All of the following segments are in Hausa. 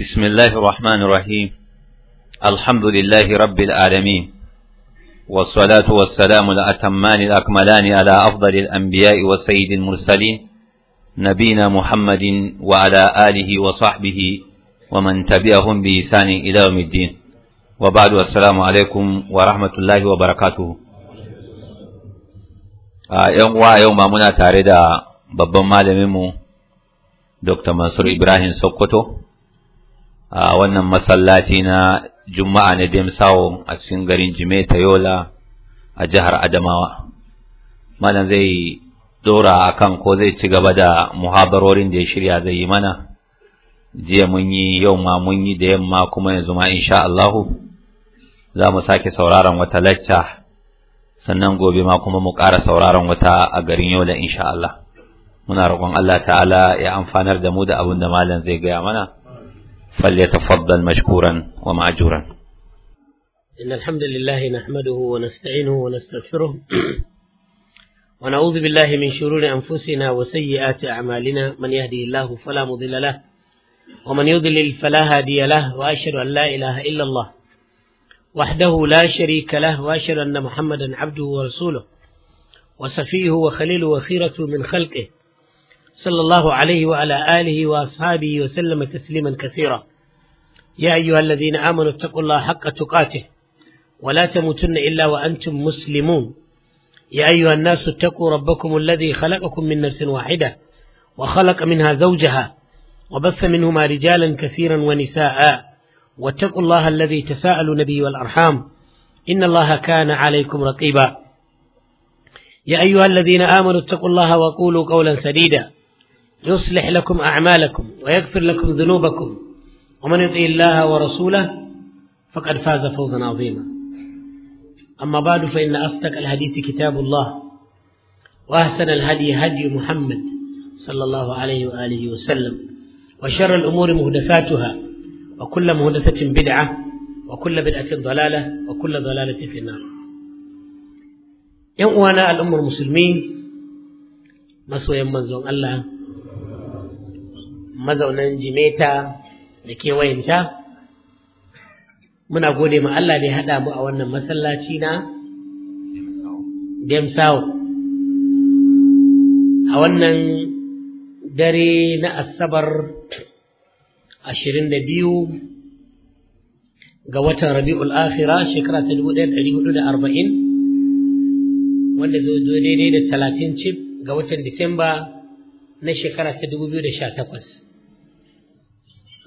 بسم الله الرحمن الرحيم الحمد لله رب العالمين والصلاة والسلام الأتمان الأكملان على أفضل الأنبياء وسيد المرسلين نبينا محمد وعلى آله وصحبه ومن تبعهم بإحسان إلى يوم الدين وبعد السلام عليكم ورحمة الله وبركاته آه، يوم ويوم منا تاردا babban malaminmu دكتور منصور إبراهيم سوكوتو a wannan masallaci na juma'a na demsawo a cikin garin jimeta yola a jihar adamawa malam zai dora kan ko zai ci gaba da muhabarorin da ya shirya zai yi mana jiya mun yi yau ma mun yi da yamma kuma yanzu ma insha Allahu za mu sake sauraron wata lacca sannan gobe ma kuma mu ƙara sauraron wata a garin yola insha Allah muna roƙon Allah ta'ala ya amfanar da mu da abin da malam zai gaya mana فليتفضل مشكورا ومعجورا إن الحمد لله نحمده ونستعينه ونستغفره ونعوذ بالله من شرور أنفسنا وسيئات أعمالنا من يهدي الله فلا مضل له ومن يضلل فلا هادي له وأشهد أن لا إله إلا الله وحده لا شريك له وأشهد أن محمدا عبده ورسوله وصفيه وخليله وخيرته من خلقه صلى الله عليه وعلى آله وأصحابه وسلم تسليما كثيرا يا أيها الذين آمنوا اتقوا الله حق تقاته ولا تموتن إلا وأنتم مسلمون يا أيها الناس اتقوا ربكم الذي خلقكم من نفس واحدة وخلق منها زوجها وبث منهما رجالا كثيرا ونساء واتقوا الله الذي تساءل نبي والأرحام إن الله كان عليكم رقيبا يا أيها الذين آمنوا اتقوا الله وقولوا قولا سديدا يصلح لكم أعمالكم ويغفر لكم ذنوبكم ومن يطع الله ورسوله فقد فاز فوزا عظيما أما بعد فإن أصدق الحديث كتاب الله وأحسن الهدي هدي محمد صلى الله عليه وآله وسلم وشر الأمور مهدفاتها وكل مهدفة بدعة وكل بدعة ضلالة وكل ضلالة في النار يوم أنا الأمة المسلمين يمن زون الله mazaunan jimeta da kewayenta muna gode ma Allah ne haɗa mu a wannan masallaci na Demsau. a wannan dare na Asabar ashirin da biyu ga watan Rabi'ul Akhira shekara ta dubu ɗaya ɗari hudu da arba'in wanda zai zo daidai da talatin cif ga watan Disamba na shekara ta dubu biyu da sha takwas.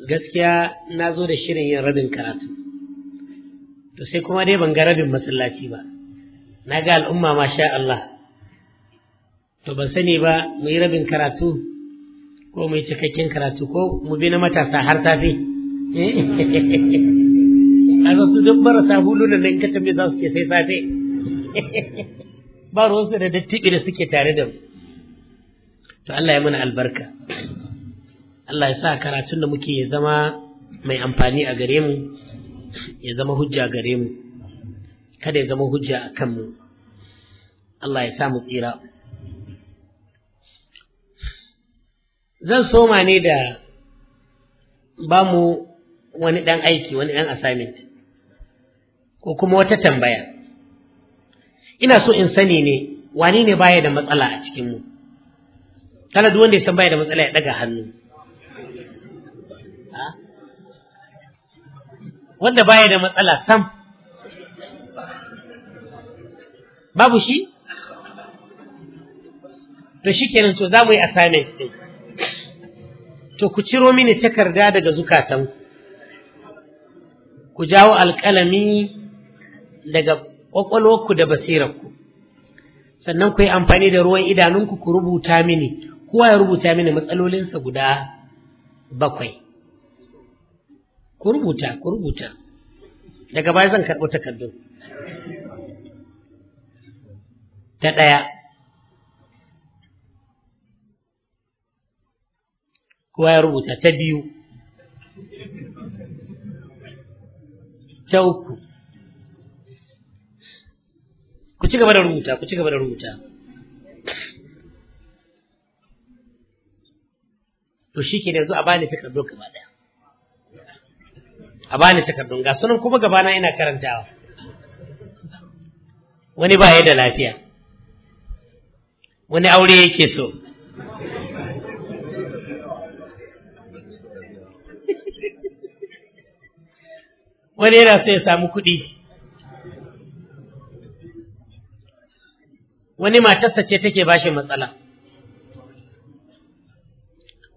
gaskiya na zo da shirin yin rabin karatu to sai kuma dai ban ga rabin masallaci ba na ga al'umma masha Allah to ban sani ba mu yi rabin karatu ko mu yi cikakken karatu ko mu bi na matasa har safe a su duk marasa hulu da nan kata mai za su ce sai safe ba ruwansu da dattibi da suke tare da mu to Allah ya mana albarka Allah ya sa karatun da muke ya zama mai amfani a gare mu ya zama hujja gare mu kada ya zama hujja a kanmu Allah ya sa mu tsira zan soma ne da ba mu wani ɗan aiki wani ɗan assignment ko kuma wata tambaya ina so in sani ne wane ne baya da matsala a cikinmu kana duk wanda ya san baya da matsala ya ɗaga hannu wanda baya da matsala sam babu shi to shi kenan to za mu yi assignment to ku ciro mini takarda daga zukatan ku jawo alƙalami daga ƙwaƙwalwarku da basirarku sannan ku yi amfani da ruwan idanunku ku rubuta mini kowa ya rubuta mini matsalolinsa guda bakwai ku rubuta ku rubuta daga baya zan karɓi takardun ta ɗaya kowa ya rubuta ta biyu ta uku ku ci gaba da rubuta ku ci gaba da rubuta to shi ke da zuwa a bani takardun gaba ɗaya a ba ni takardun ga sunan kuma gabana ina karantawa wani ba ya da lafiya wani aure yake so wani yana so ya samu kuɗi wani matarsa ce take bashi matsala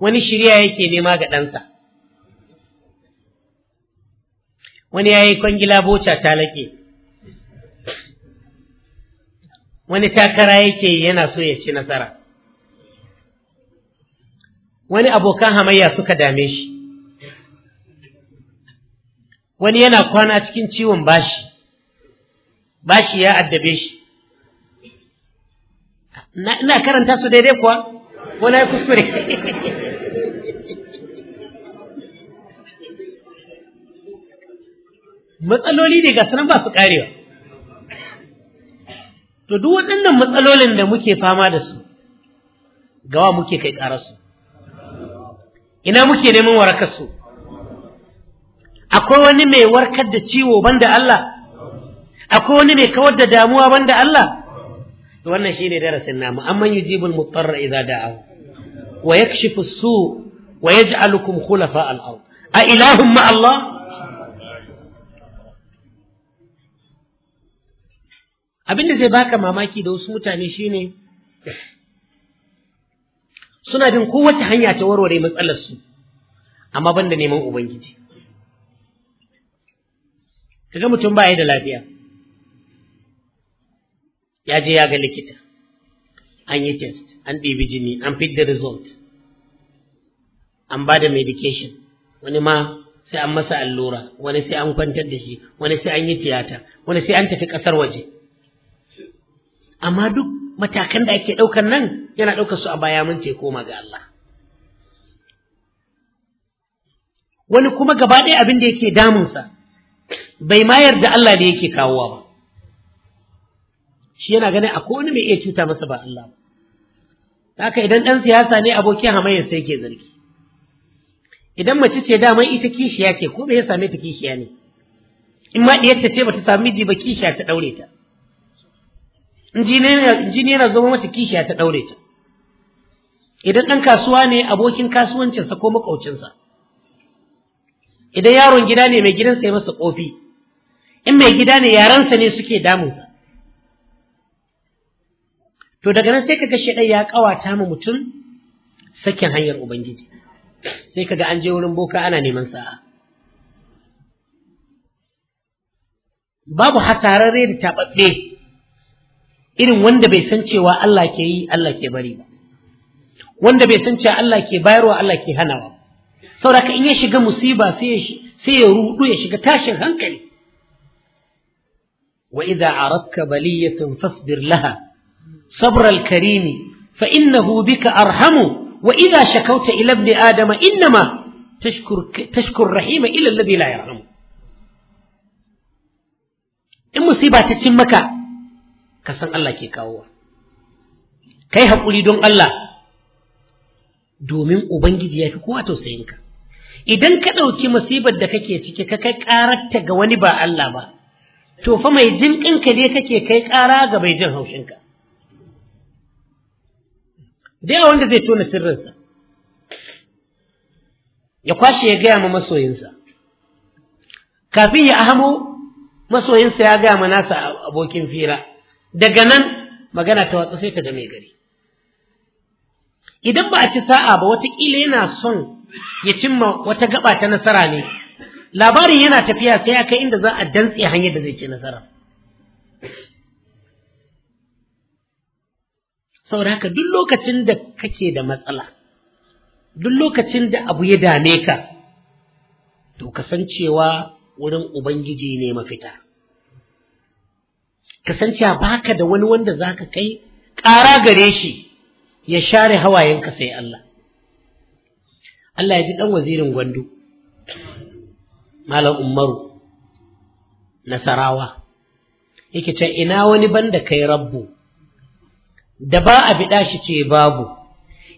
wani shirya yake nema ga ɗansa wani ya yi kwangila boca ta laƙe wani takara yake yana so ya ci nasara wani abokan hamayya suka dame shi wani yana kwana cikin ciwon bashi bashi ya addabe shi ina karanta su daidai kuwa wani ya kuskure matsaloli ne gasar nan ba su karewa to duk waɗannan matsalolin da muke fama da su gawa muke kai ƙararsu ina muke neman warakarsu akwai wani mai warkar da ciwo banda Allah akwai wani mai kawar da damuwa banda Allah wannan shine darasin namu amman yujibul mutarra idza da'ahu wa yakshifu su wa yaj'alukum khulafa al-ard a ilahum ma Allah abin da zai baka mamaki da wasu mutane shine suna bin kowace hanya ta warware matsalarsu amma ban da neman ubangiji kaga mutum ba da lafiya ya je ya ga likita an yi test an ɗebi jini an fit da result an ba da medication wani ma sai an masa allura wani sai an kwantar da shi wani sai an yi tiyata wani sai an tafi ƙasar waje amma duk matakan da ake ɗaukar nan yana ɗaukar su a baya mun ce koma ga Allah wani kuma gaba ɗaya abin da yake damunsa bai mayar da Allah da yake kawowa ba shi yana ganin akwai wani mai iya cuta masa ba Allah ba haka idan ɗan siyasa ne abokin hamayyar sai ke zargi idan mace ce daman ita kishiya ce ko me ya same ta kishiya ne in ma ɗiyarta ce ba ta sami miji ba kishiya ta ɗaure ta injiniya na zama mata kishiya ta daure ta idan ɗan kasuwa ne abokin kasuwancinsa ko makaucinsa idan yaron gida ne mai gidansa ya masa kofi in mai gida ne yaransa ne suke damunsa to daga nan sai kaga shedan ya kawata ma mutum sakin hanyar ubangiji sai kaga an je wurin boka ana neman sa'a babu hasararre da tababbe irin wanda bai san cewa Allah ke yi Allah ke bari ba wanda bai san cewa Allah ke bayarwa Allah ke hanawa saboda in ya shiga musiba sai ya ruɗu ya rudu ya shiga tashin hankali wa idza aradka baliyatan fasbir laha sabra al-karim fa innahu bika arhamu wa idza shakawta ila ibn adam inma tashkur tashkur rahima ila alladhi la yarhamu in musiba ta cin maka ka san Allah ke kawowa kai haƙuri don Allah domin ubangiji ya fi kowa ka. idan ka ɗauki masibar da kake ciki ka kai ƙararta ga wani ba Allah ba to fa mai jin ka ne kake kai ƙara ga mai jin haushinka Dai a wanda zai tona sirrinsa ya kwashe ya gaya ma masoyinsa kafin ya ahamo masoyinsa ya gaya ma nasa abokin fira daga nan magana ta watsa sai ta game gari idan ba a ci sa'a ba watakila yana son ya cimma wata gaba ta nasara ne labarin yana tafiya sai aka inda za a dantse hanyar da zai ci nasara saboda haka duk lokacin da kake da matsala duk lokacin da abu ya dame ka to kasancewa wurin ubangiji ne mafita Kasance san baka da wani wanda zaka kai ƙara gare shi ya share hawayenka sai Allah Allah ya ji ɗan wazirin gwandu Malam Umaru Nasarawa yake can ina wani banda kai rabbu da ba a biɗa shi ce babu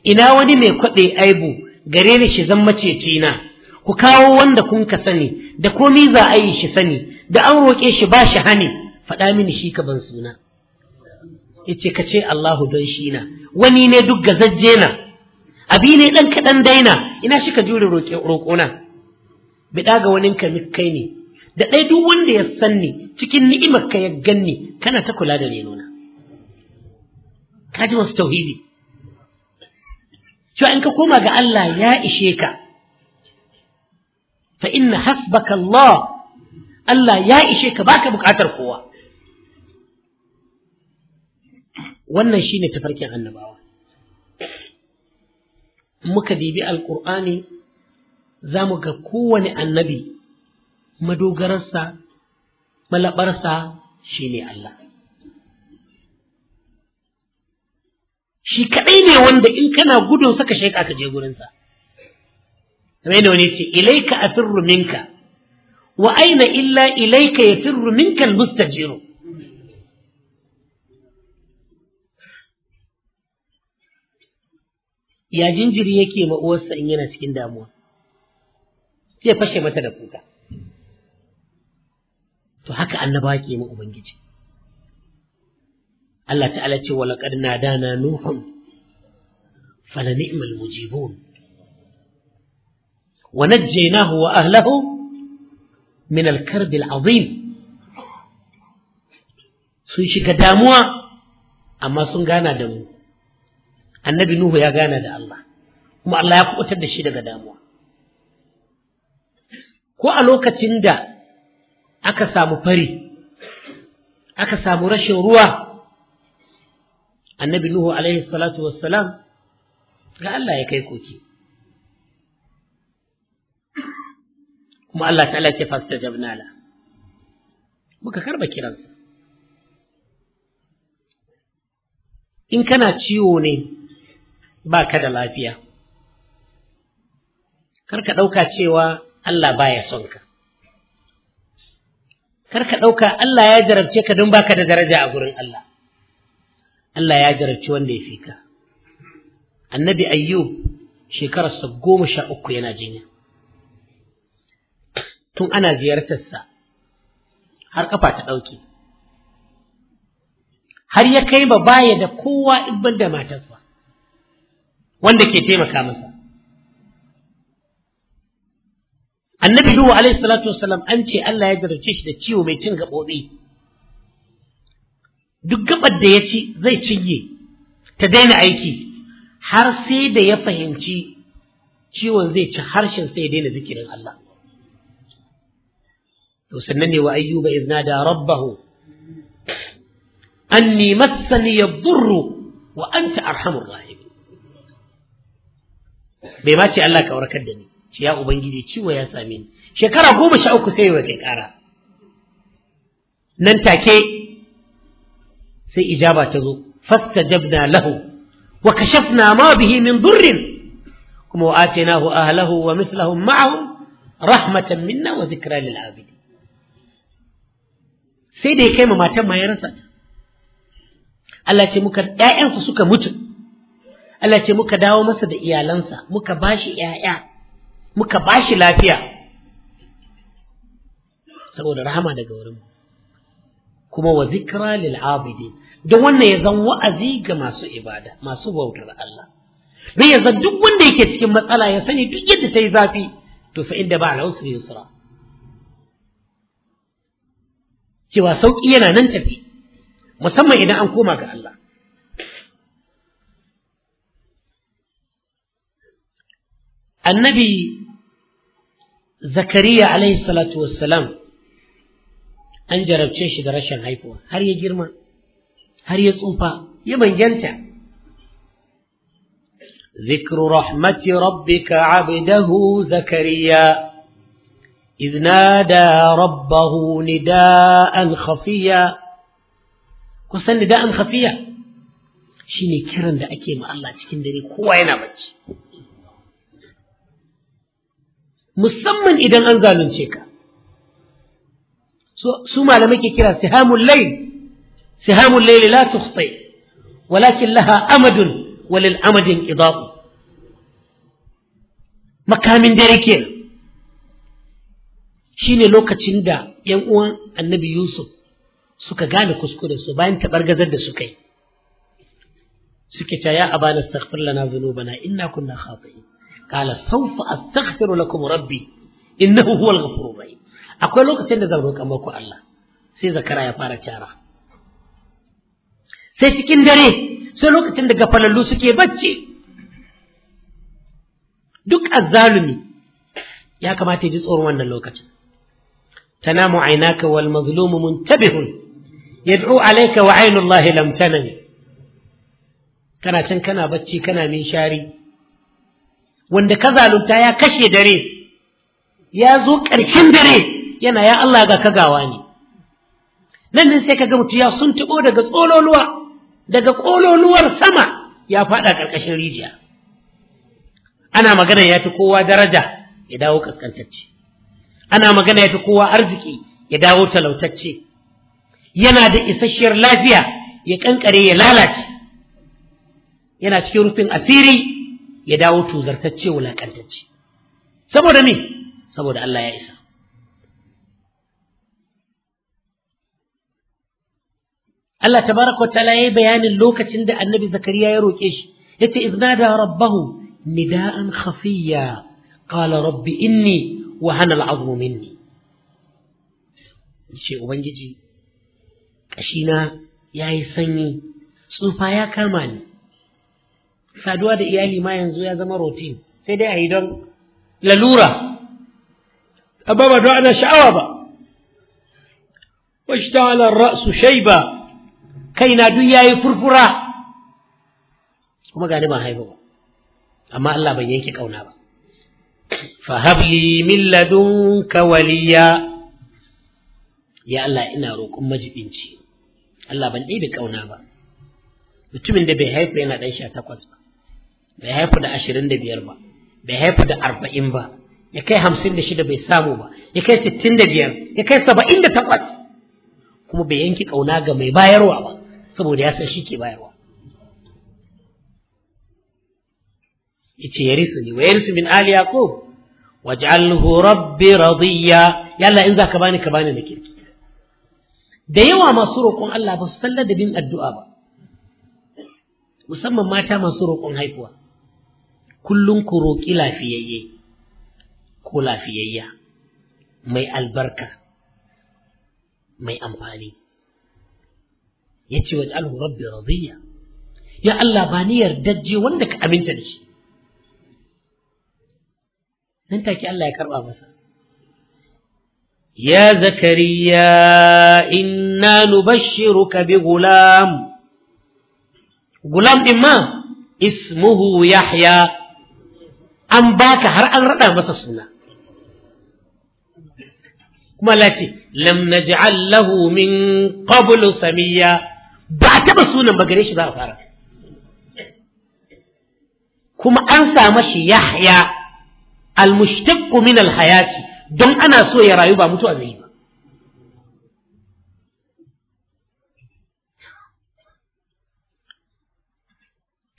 ina wani mai kwaɗe aibu gare ni shi zan macece na ku kawo wanda kun ka sani da komi za a yi shi sani da an roƙe shi ba shi hani faɗa mini shi ka ban suna yace ka ce Allahu don shi na wani ne duk gazajje na abi ne dan kaɗan daina ina shi ka jure na biɗa ga wani ka kai ne da ɗai duk wanda ya san ni cikin ni'imar ka ya ganni kana ta kula da renona ka tauhidi cewa in ka koma ga Allah ya ishe ka fa inna hasbaka Allah Allah ya ishe ka baka bukatar kowa wannan shine tafarkin annabawa muka dibi alkur'ani za mu ga kowane annabi madogararsa malabarsa ne Allah shi kaɗai ne wanda in kana gudun saka shaika ka je gurinsa kamar yadda wani ce ilaika a minka wa aina illa ilaika ya minka almustajiru ya jinjiri yake ma uwarsa in yana cikin damuwa zai fashe mata da kuka to haka annaba ke ma ubangiji Allah ta'ala ce wa laqad nadana nuhun fala ni'mal mujibun wa najjaynahu wa ahlahu min al-karb al-azim sun shiga damuwa amma sun gana da mu annabi nuhu ya gana da Allah kuma Allah ya kubutar da shi daga damuwa ko a lokacin da aka samu fari aka samu rashin ruwa annabi nuhu alaihi salatu wassalam ga Allah ya kai koki kuma Allah ta'ala ce fasta jabnala muka karba kiransa in kana ciwo ne ba ka da lafiya kar ka ɗauka cewa Allah baya son ka kar ka ɗauka Allah ya jarabce ka don baka da daraja a gurin Allah Allah ya jarabce wanda ya fi ka annabi ayyub shekararsa goma sha uku yana jinya tun ana ziyartarsa har kafa ta ɗauke. har ya kai ba baya da kowa ibban da matarsa wanda ke taimaka masa annabi nuhu alaihi salatu wassalam an ce Allah ya jarabce shi da ciwo mai cin gaɓoɓi duk gaɓar da ya ci zai cinye ta daina aiki har sai da ya fahimci ciwon zai ci harshen sai ya daina zikirin Allah to sannan ne wa ayyuba idh da rabbahu anni massani yadurru wa anta arhamur rahim bai ma ce Allah ka warkar da ni ce ya ubangiji ciwo ya same ni shekara goma sha uku sai wa kara nan take sai ijaba ta zo fastajabna lahu wa kashafna ma bihi min durrin kuma wa atainahu ahlahu wa mithlahum ma'ahum rahmatan minna wa zikra lil sai da ya kai ma matan ma ya rasa Allah ce muka ƴaƴansu suka mutu Allah ce muka dawo masa da iyalansa muka bashi ƴaƴa muka bashi lafiya saboda rahama daga wurin kuma wa zikra lil abidin don wannan ya zan wa'azi ga masu ibada masu bautar Allah don ya zan duk wanda yake cikin matsala ya sani duk yadda ta yi zafi to fa inda ba al'usri yusra cewa sauƙi yana nan tafi musamman idan an koma ga Allah النبي زكريا عليه الصلاة والسلام أنجر جرب تشيش درشان هايبوا هل يجرم هل يصنفا يمن جنتا ذكر رحمة ربك عبده زكريا إذ نادى ربه نداء خفيا وصل نداء خفيا شيني كرن دا أكيم الله تكين دري كوينة بج musamman idan an zalunce ka su malamai ke kira sihamul layl sihamul layl la tukhti walakin laha amadun walil amadin idab makamin dare kenan shine lokacin da yan uwan annabi yusuf suka gane kuskuren su bayan tabargazar da suka yi suke ta ya abana astaghfir lana dhunubana inna kunna khati'in qala sawfa astaghfiru lakum rabbi innahu huwal ghafurur rahim akwai lokacin da zan roƙa muku Allah sai zakara ya fara cara sai cikin dare sai lokacin da ga falalu suke bacci duk azzalumi ya kamata ya ji tsoron wannan lokacin Tana aynaka wal mazlumu muntabihun yad'u alayka wa aynu llahi lamtana ne, kana can kana bacci kana min shari wanda ka zalunta ya kashe dare ya zo ƙarshen dare yana ya Allah ga kagawa ne nan ne sai kaga mutu ya suntuɓo daga tsololuwa daga ƙololuwar sama ya faɗa ƙarƙashin rijiya ana magana ya fi kowa daraja ya dawo ƙasƙantacce ana magana ya fi kowa arziki ya dawo talautacce yana da isasshiyar lafiya ya ƙanƙare ya lalace yana cikin rufin asiri ya dawo tuzartacce wulaƙantacce. saboda me saboda Allah ya isa Allah tabaraka ta'ala yayi bayanin lokacin da Annabi Zakariya ya roke shi yace iznada rabbahu nida'an khafiyya qala rabbi inni wa hana al'azmu minni yace ubangiji kashina yayi sanyi tsufa ya kama ni saduwa da iyali ma yanzu ya zama routine sai dai a yi don lalura Abba, ba don ana sha'awa ba ta halar ra'su shaiba kaina duk yayi furfura kuma gani ba haifa ba amma Allah ban yanke kauna ba fa habli min ladunka waliya ya Allah ina roƙon majibinci Allah ban ɗebe kauna ba mutumin da bai haifa yana ɗan sha takwas ba bai haifu da ashirin da biyar ba bai haifu da arba'in ba ya kai hamsin da shida bai samu ba ya kai sittin da biyar ya kai saba'in da takwas kuma bai yanki ƙauna ga mai bayarwa ba saboda ya san shi ke bayarwa Ya ce yace ne wa yarisu min ali yaqub waj'alhu rabbi radiya yalla in ka bani ka bani na kirki da yawa masu roƙon Allah ba su sallar da bin addu'a ba musamman mata masu roƙon haihuwa كلن كروكي لافيي كولا فييا مي البركة مي أمباني يتي واجعله ربي رضيا يا الله باني يرددجي وندك أمين تدش ننتا كي الله يكرر بس يا زكريا إنا نبشرك بغلام غلام إمام اسمه يحيى an baka har an raɗa masa suna kuma lati lam naj'al lahu min qablu samiyya ba taɓa sunan ba gare shi za a fara kuma an sa mashi yahya almushtaqqu min alhayati don ana so ya rayu ba mutuwa zai ba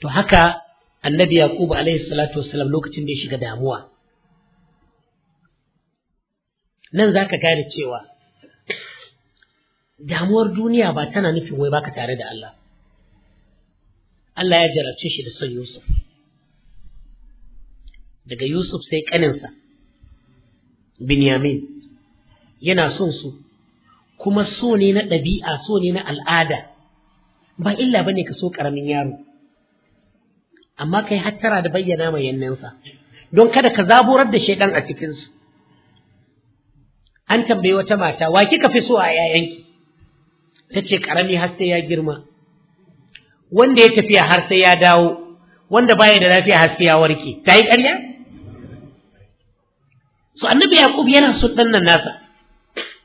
to haka annabi yaqub alayhi salatu wassalam lokacin da ya shiga damuwa nan zaka gane cewa damuwar duniya ba tana nufin wai baka tare da Allah Allah ya jarabce shi da son Yusuf daga Yusuf sai kaninsa Binyamin yana son su kuma so ne na ɗabi'a so ne na al'ada ba illa bane ka so ƙaramin yaro amma kai hattara da bayyana mai yannansa don kada ka zaburar da shaidan a cikinsu an tambayi wata mata wa kika fi so a yayanki ta ce karami har sai ya girma wanda ya tafiya har sai ya dawo wanda baya da lafiya har sai ya warke ta yi ƙarya so annabi yaqub yana so dan nasa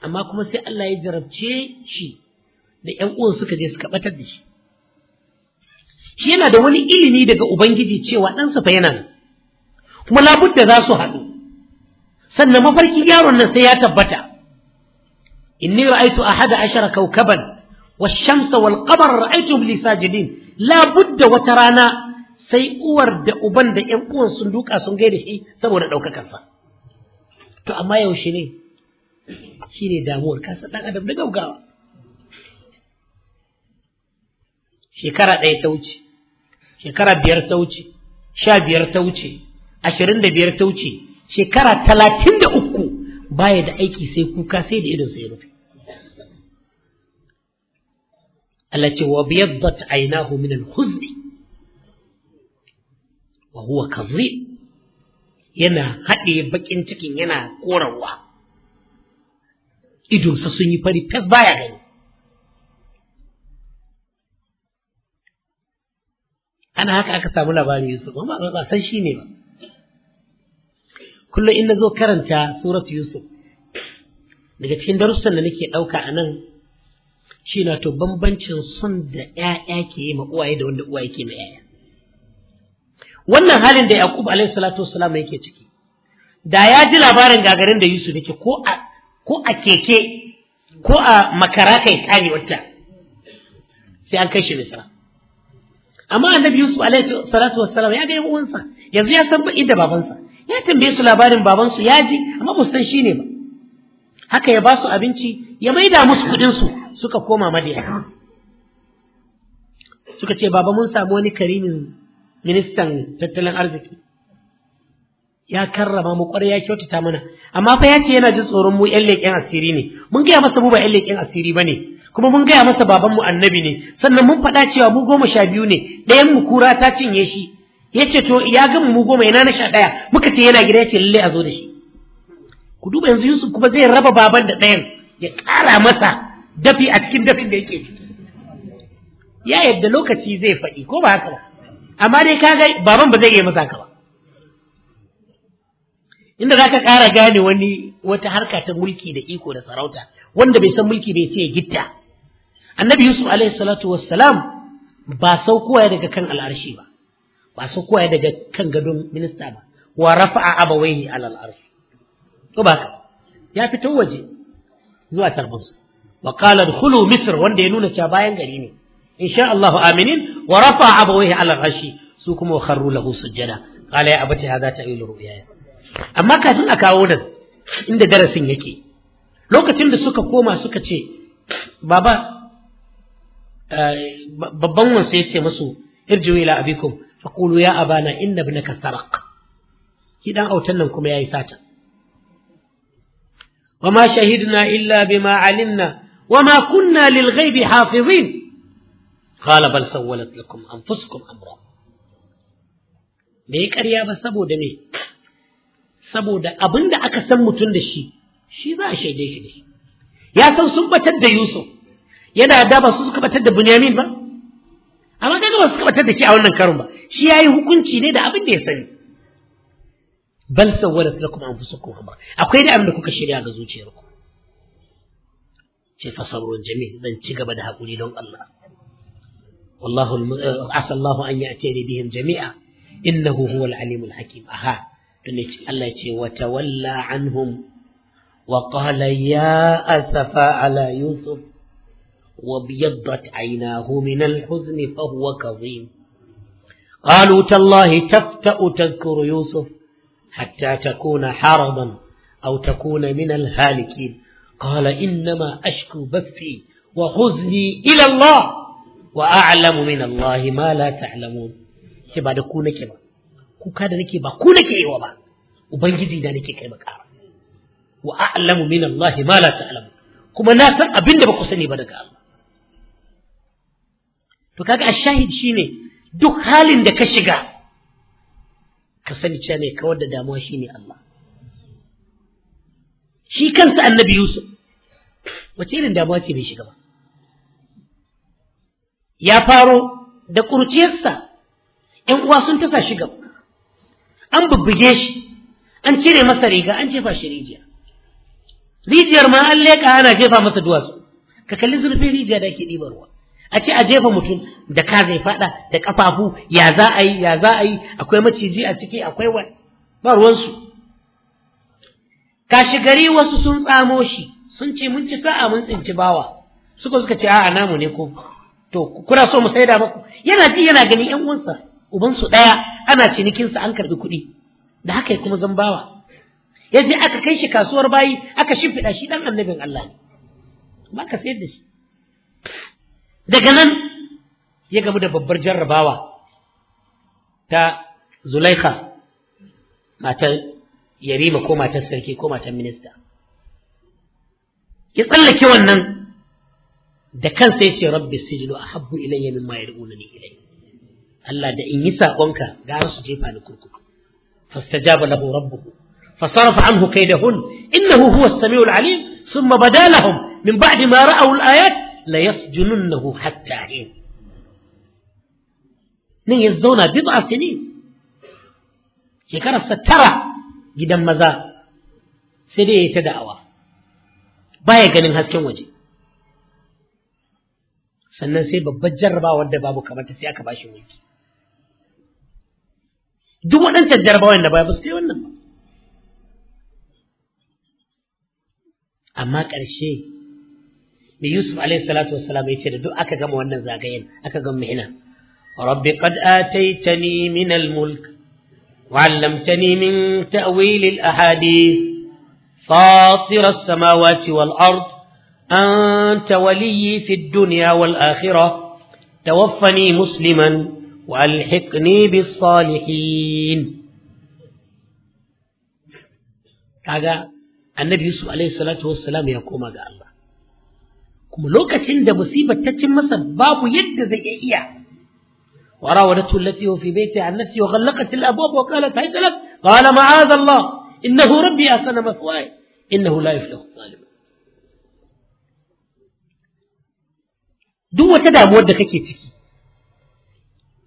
amma kuma sai Allah ya jarabce shi da ƴan uwan suka je suka batar da shi shi yana da wani ilimi daga ubangiji cewa ɗansa fa yana nan kuma labudda za su haɗu sannan mafarkin yaron nan sai ya tabbata inni a hada ashara kaukaban wa shamsa wal-qamara ra'aitu li sajidin labudda wata rana sai uwar da uban da ƴan uwan sun duka sun gaida shi saboda ɗaukakar sa to amma yaushe ne shi ne damuwar kasa ɗan adam da gaugawa shekara ɗaya ta wuce shekara biyar ta wuce sha biyar ta wuce ashirin da biyar ta wuce shekara talatin da uku baya da aiki sai kuka sai da idon sai rufe Allah ce wa biyaddat aynahu min al-huzni wa huwa kadhib yana haɗe bakin cikin yana korarwa idonsa sun yi fari fes baya gani ana haka aka samu labarin Yusuf amma ba san shi ne ba kullum in zo karanta suratu Yusuf daga cikin darussan da nake ɗauka a nan shi na to bambancin son da ‘ya'ya ke yi ma uwaye da wanda uwaye ke ma ‘ya'ya. Wannan halin da Yaƙub alaihi salatu wasalam yake ciki, da ya ji labarin gagarin da Yusuf yake ko a ko a keke ko a makara kai kare wata sai an kai shi Misra. amma annabi yusuf alaihi salatu wassalam ya ga yan uwansa yanzu ya san inda babansa ya tambaye su labarin babansu ya ji amma ba san shine ba haka ya ba su abinci ya maida musu kuɗin su suka koma madiya suka ce baba mun samu wani karimin ministan tattalin arziki ya karrama mu kwarai ya kyautata mana amma fa yace yana jin tsoron mu yan leƙen asiri ne mun gaya masa mu ba yan leƙen asiri bane kuma mun gaya masa baban mu annabi ne sannan mun faɗa cewa mu goma sha biyu ne ɗayan mu kura ta cinye shi yace to ya gama mu goma ina na sha ɗaya muka ce yana gida yace lalle a zo da shi ku duba yanzu Yusuf kuma zai raba baban da ɗayan ya ƙara masa dafi a cikin dafin da yake ciki ya yadda lokaci zai faɗi ko ba haka ba amma dai kaga baban ba zai iya masa haka ba inda za ka ƙara gane wani wata harka ta mulki da iko da sarauta wanda bai san mulki bai ce gitta annabi yusuf alaihi salatu wassalam ba saukowa daga kan al'arshi ba ba saukowa daga kan gadon minista ba wa rafa'a abawaihi alal arshi to ba ya fito waje zuwa tarbinsu wa qala dkhulu misr wanda ya nuna cewa bayan gari ne insha Allahu aminin wa rafa'a abawaihi alal arshi su kuma kharru lahu sujjada qala ya abati hadha ta'ilu ru'yaya amma kafin a kawo nan inda darasin yake lokacin da suka koma suka ce baba eh, babban wansu ya ce masu irjiu ila abikum faqulu ya abana inna ibnaka saraq shi dan autan nan kuma ya yi sata wama shahidna illa bima alimna ma kunna lil ghaibi hafizin qala bal sawwalat lakum anfusukum amra me ƙarya ba saboda me saboda abin da aka san mutun da shi shi za a shaide shi da shi ya san sun batar da Yusuf yana da ba su suka batar da Bunyamin ba amma kaga ba su suka batar da shi a wannan karon ba shi yayi hukunci ne da abin da ya sani bal sawwalat lakum anfusukum amra akwai da abin da kuka shirya ga zuciyarku ce fa sabrun jamil zan ci gaba da hakuri don Allah والله عسى الله أن يأتيني بهم جميعا إنه هو العليم الحكيم أها Allah ya وتولى عنهم وقال يا أسفا على يوسف asafa عيناه من الحزن فهو كظيم قالوا تالله تفتأ تذكر يوسف حتى تكون حرضا أو تكون من الهالكين قال إنما أشكو بثي وحزني إلى الله وأعلم من الله ما لا تعلمون كبا كونك كبا kuka da nake ba ku nake yawa ba ubangiji da nake kai makara wa a'lamu min Allah ma la ta'lamu kuma na san abin da ba ku sani ba daga Allah to kaga ashahid shine duk halin da ka shiga ka sani cewa kawar da damuwa shine Allah shi kansa annabi Yusuf wace irin damuwa ce bai shiga ba ya faro da kurciyarsa ‘yan uwa sun tasa shi an bubbuge shi an cire masa riga an jefa shi rijiya rijiyar ma an leƙa ana jefa masa duwatsu ka kalli zurfin rijiya da ake ɗibarwa a ce a jefa mutum da ka zai faɗa da ƙafafu ya za a yi ya za a yi akwai maciji a ciki akwai wa ba ruwansu kashi gari wasu sun tsamo shi sun ce mun ci sa'a mun tsinci bawa suka suka ce a'a namu ne ko to kuna so mu saida maku yana ji yana gani yan uwansa ubansu ɗaya ana cinikinsa an karɓi kuɗi da haka ya kuma zambawa ya je aka kai shi kasuwar bayi aka shimfiɗa shi ɗan annabin Allah ne ba ka sayar da shi daga nan ya gamu da babbar jarrabawa ta Zulaikha matar Yarima ko matar sarki ko matar minista ya tsallake wannan da kansa ya ce rabbi a ahabbu ilayya mimma yad'unani ilayya Allah da in yi sabonka gara su jefa ni kurkuku fastajaba lahu rabbuhu fasarafa anhu kaydahun innahu huwa as-sami'ul alim thumma bada lahum min ba'di ma ra'aw al-ayat la yasjununnahu hatta hin nan ya zauna bid'a sinin shekararsa tara gidan maza sai dai ya yi ta da'awa baya ganin hasken waje sannan sai babbar jarrabawar da babu kamar ta sai aka bashi mulki duk waɗancan jarabawan da baya ba su kai wannan ba amma ƙarshe da Yusuf alaihi salatu wassalam ya ce da duk aka gama wannan zagayen aka gama hina rabbi qad ataitani min al-mulk wa 'allamtani min ta'wil al-ahadith فاطر السماوات والأرض أنت ولي في الدنيا والآخرة توفني مسلما والحقني بالصالحين كذا النبي يوسف عليه الصلاة والسلام يقوم قال الله كم لوكتين دا مصيبة تتم مصد باب يد زيئية وراودته التي هو في بيتي عن نفسي وغلقت الأبواب وقالت هاي ثلاث قال معاذ الله إنه ربي أسنى مثواي إنه لا يفلح الظالم دو تدا مودك كي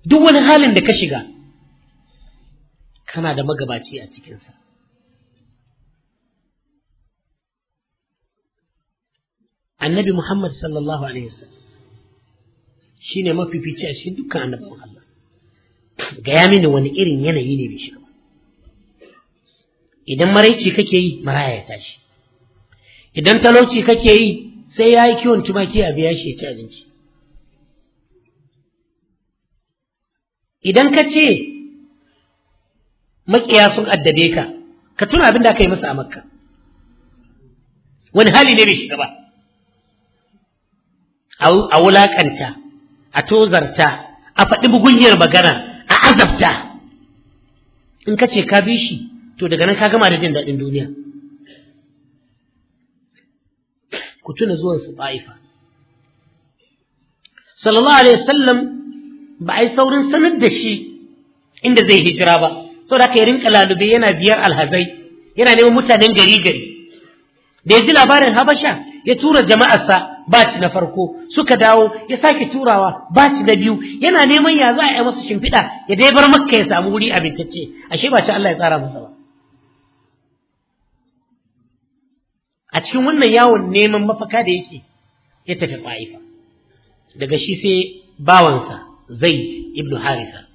duk wani halin da ka shiga kana da magabaci a cikinsa annabi Muhammad sallallahu alaihi wasallam ne mafifici a shi dukkan annabawan Allah gaya mini wani irin yanayi ne bai shiga idan maraici kake yi maraya ya tashi idan talauci kake yi sai ya yi kiwon tumaki a biya shi ya ci abinci idan ka ce makiya sun addabe ka ka tuna abin da aka yi masa a makka wani hali ne bai shiga ba a wulaƙanta, a tozarta a faɗi bugunyar magana a azabta in ka ce ka bi shi to daga nan ka gama da jin daɗin duniya ku tuna zuwan su ba'ifa sallallahu alaihi wasallam ba a yi saurin sanar da shi inda zai hijira ba saboda haka ya rinka lalube yana biyar alhazai yana neman mutanen gari gari da ya ji labarin habasha ya tura jama'arsa ci na farko suka dawo ya sake turawa ci na biyu yana neman ya za a yi masa shimfiɗa ya dai bar makka ya samu wuri abincacce ashe ba shi Allah ya tsara masa ba a cikin wannan yawon neman mafaka da yake ya tafi ƙwa'ifa daga shi sai bawansa zaid ibn haritha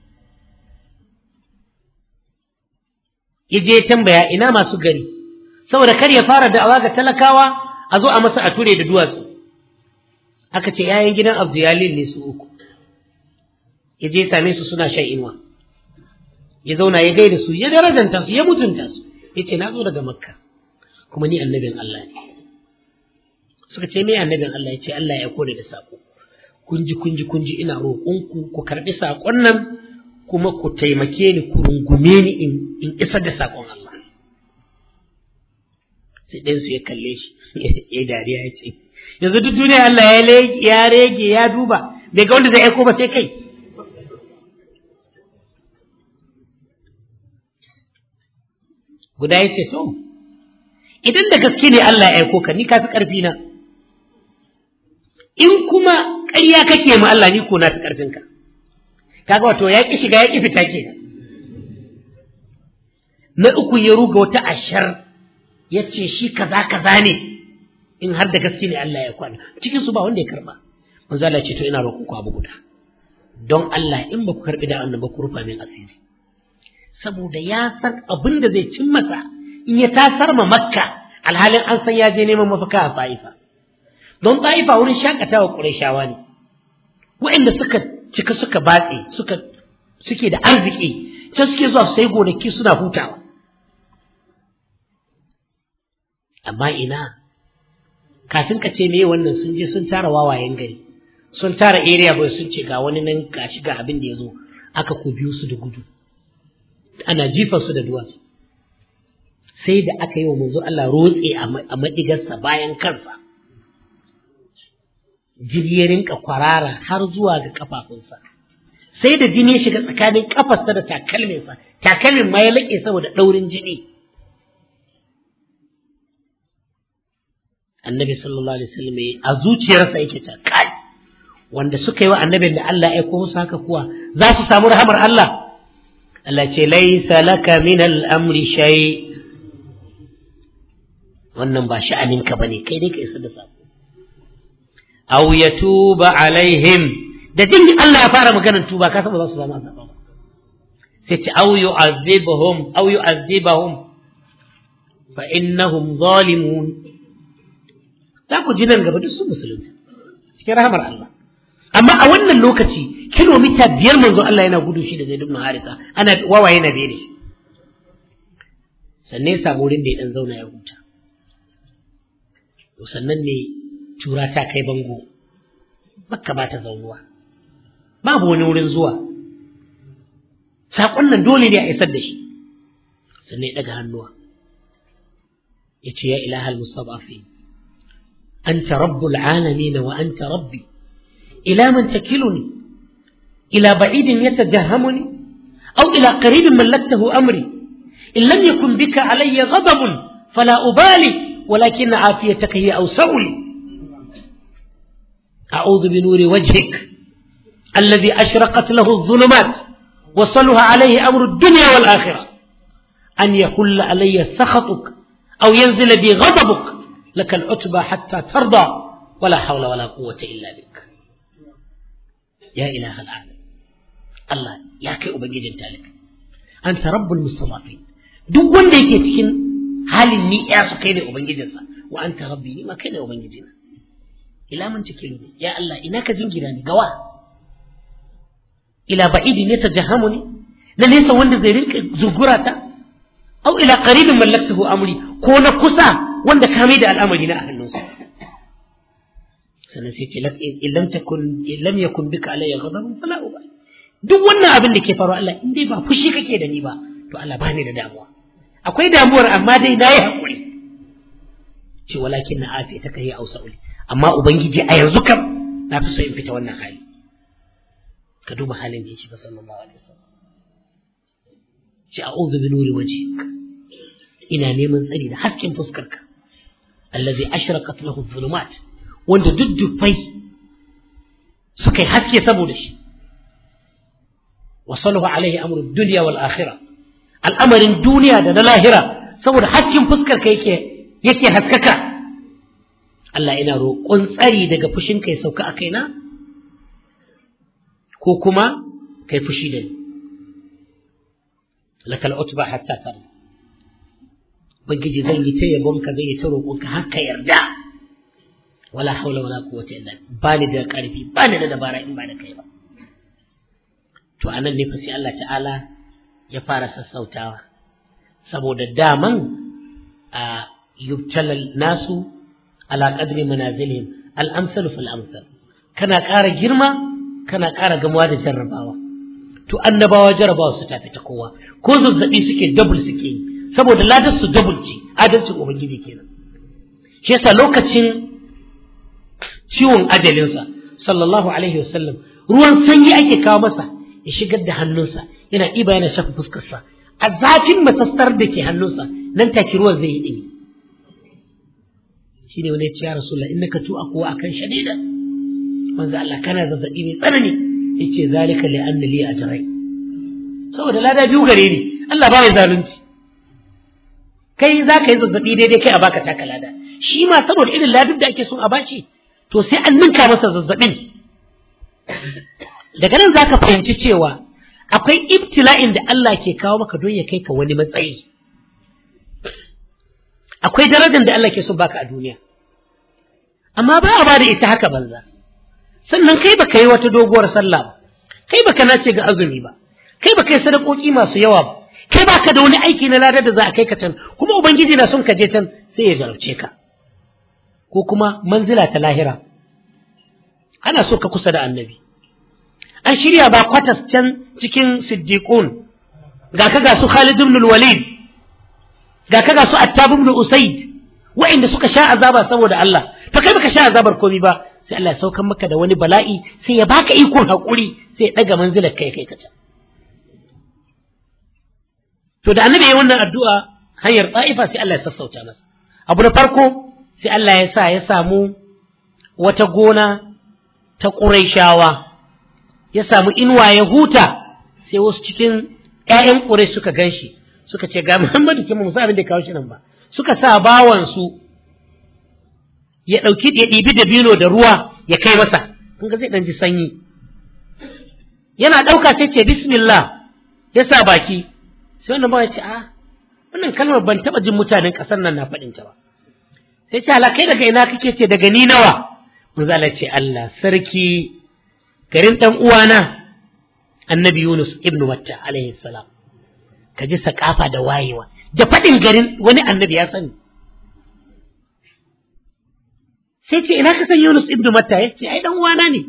ya je tambaya ina masu gari saboda kar ya fara da'awa ga talakawa a zo a masa a ture da duwatsu aka ce yayan gidan abduyalil ne su uku ya je same su suna shan inuwa ya zauna ya gaida su ya darajanta su ya mutunta su ya ce na zo daga makka kuma ni annabin allah ne suka ce me annabin allah ya ce allah ya kore da sako kunji kunji kunji ina roƙonku ku karɓi saƙon nan kuma ku taimake ni ku rungume ni in isa da saƙon Allah sai ɗan su ya kalle shi ya dariya ya ce yanzu duk duniya Allah ya rege ya duba bai ga wanda zai aiko ba sai kai guda ya ce to idan da gaske ne Allah ya aiko ka ni kafi ƙarfi na in kuma ƙarya kake ma Allah ni ko na fi ƙarfinka kaga wato ya ƙi shiga ya ƙi fita ke na uku ya ruga wata ashar ya ce shi kaza kaza ne in har da gaske ne Allah ya kwana cikin ba wanda ya karba manzo Allah ce to ina roƙon ku abu guda don Allah in ba ku karbi da annabi ku rufa min asiri saboda ya san abin da zai cin masa in ya tasar ma makka alhalin an san ya je neman mafaka a fa'ifa don ɗaifa wurin shakatawa shawa ne waɗanda suka cika suka batse suke da arziki can suke zuwa sai gonaki suna hutawa amma ina kafin ka ce meye wannan sun je sun tara wawayen gari sun tara area bai sun ce ga wani nan ga shiga ga abin da ya zo aka ku biyu su da gudu ana jifar su da duwatsu sai da aka yi wa manzo Allah rotse a madigarsa bayan kansa jini kwarara har zuwa ga kafafunsa sai da jini ya shiga tsakanin kafarsa da takalminsa takalmin ma ya laƙe saboda ɗaurin jini annabi sallallahu alaihi wasallam a zuciyarsa yake ta kai wanda suka yi wa annabin da Allah ya aiko haka kuwa za su samu rahamar Allah Allah ce laisa laka min al-amri shay wannan ba sha'aninka bane kai dai ka isa da sako aw yatuba alaihim da jin Allah ya fara maganar tuba ka san ba za su samu azaba sai ce aw yu'adhibuhum aw yu'adhibahum fa innahum zalimun za ku ji nan gaba duk su musulunta cikin rahamar Allah amma a wannan lokaci kilomita biyar manzo Allah yana gudu shi da zai ibn ana wawa yana bene sannan ya samu wurin da ya dan zauna ya huta to sannan ne tura ta kai bango makka ba ta zaunuwa babu wani wurin zuwa sakon nan dole ne a isar da shi sannan ya daga hannuwa yace ya ilahal musabafi anta rabbul alamin wa anta rabbi ila man takiluni ila ba'idin yatajahamuni aw ila qaribin mallaktahu amri in lam yakun bika alayya ghadabun fala ubali ولكن عافيتك هي awsa'u li أعوذ بنور وجهك الذي أشرقت له الظلمات وصلها عليه أمر الدنيا والآخرة أن يحل علي سخطك أو ينزل بي غضبك لك العتبى حتى ترضى ولا حول ولا قوة إلا بك يا إله العالم الله يا كي أبنجد ذلك أنت رب المستضعفين دون wanda yake هل halin ni ya su وأنت ربي ubangijinsa wa anta rabbi ila mun cikin ya Allah ina ka jingira ni gawa ila ba'idi ne ta ne? na nesa wanda zai rinka zugura ta au ila qaribin mallaktahu amri ko na kusa wanda ka mai da al'amari na a hannunsa sannan sai ce lam takun lam yakun bika alayya ghadabun fala uba duk wannan abin da ke faruwa Allah in dai ba fushi kake da ni ba to Allah ba ni da damuwa akwai damuwar amma dai na yi hakuri ce walakin na afi ta kai ausa uli amma ubangiji a yanzu kam na fi so in fita wannan hali ka duba halin da ya shiga sallallahu alaihi wasallam ci a'udhu bi nuri wajhik ina neman tsari da hasken fuskarka allazi ashraqat lahu dhulumat wanda duddufai suka yi haske saboda shi wasalahu alaihi amru dunya wal akhirah al'amarin duniya da na lahira saboda hasken fuskarka yake yake haskaka Allah ina roƙon tsari daga fushin kai sauka a kaina ko kuma kai fushi da ni lakal utba hatta tarda ubangiji zai yi ta yabonka zai yi ta roƙonka haka yarda wala haula wala quwwata illa ba ni da ƙarfi ba ni da dabara in ba da kai ba to anan ne fa sai Allah ta'ala ya fara sassautawa saboda daman a yubtalal nasu ala qadri manazilihim al amsal fal amsal kana ƙara girma kana ƙara gamuwa da jarrabawa to annabawa jarrabawa su tafi ta kowa ko zazzabi suke double suke yi saboda ladar su double ce adalcin ubangiji kenan shi yasa lokacin ciwon ajalinsa sallallahu alaihi wasallam ruwan sanyi ake kawo masa ya shigar da hannunsa yana ɗiba yana shafa fuskarsa a zafin masastar da ke hannunsa nan take ruwan zai yi ɗimi Shi shine wanda ya ce ya rasulullah innaka tu'aku akan shadida manzo Allah kana zazzaɓi mai tsanani Ya ce, zalika li anna li ajrai saboda lada biyu gare ni Allah ba ya zalunci kai za ka yi zazzaɓi daidai kai a baka taka lada shi ma saboda irin ladin da ake son a bashi to sai an ninka masa zazzaɓin. daga nan za ka fahimci cewa akwai ibtila'in da Allah ke kawo maka don ya kai ka wani matsayi akwai darajar da Allah ke so baka a duniya amma ba a bada ita haka banza sannan kai baka yi wata doguwar sallah ba kai baka nace ga azumi ba kai baka yi sadakoki masu yawa ba kai baka da wani aiki na ladar da za a kai ka can kuma ubangiji na son ka je can sai ya jarabce ka ko kuma manzila ta lahira ana so ka kusa da annabi an shirya ba kwatas can cikin siddiqun ga ka ga su Khalid ibn al-Walid ga kaga su attab ibn usaid wa'inda suka sha azaba saboda Allah fa kai baka sha azabar komai ba sai Allah ya saukar maka da wani bala'i sai ya baka ikon hakuri sai ya daga manzilar kai kai kaca to da annabi ya wannan addu'a hanyar ta'ifa sai Allah ya sassauta masa abu na farko sai Allah ya sa ya samu wata gona ta Qurayshawa ya samu inuwa ya huta sai wasu cikin ƴaƴan Quraysh suka ganshi suka ce ga Muhammadu kin musa abin da kawo shi nan ba suka sa bawan su ya ɗauki ya dibi da bino da ruwa ya kai masa kun ga zai dan ji sanyi yana ɗauka sai ce bismillah ya sa baki sai wannan bawan ya ce a ah, wannan kalmar ban taba jin mutanen ƙasar nan na faɗin ta ba sai ce kai daga ina kake ce daga ni nawa manzo Allah ce Allah sarki garin dan uwana annabi Yunus ibn Matta alaihi salam ka ji sakafa da wayewa da faɗin garin wani annabi ya sani sai ce ina ka san Yunus ibn Matta ya ce ai dan uwana ne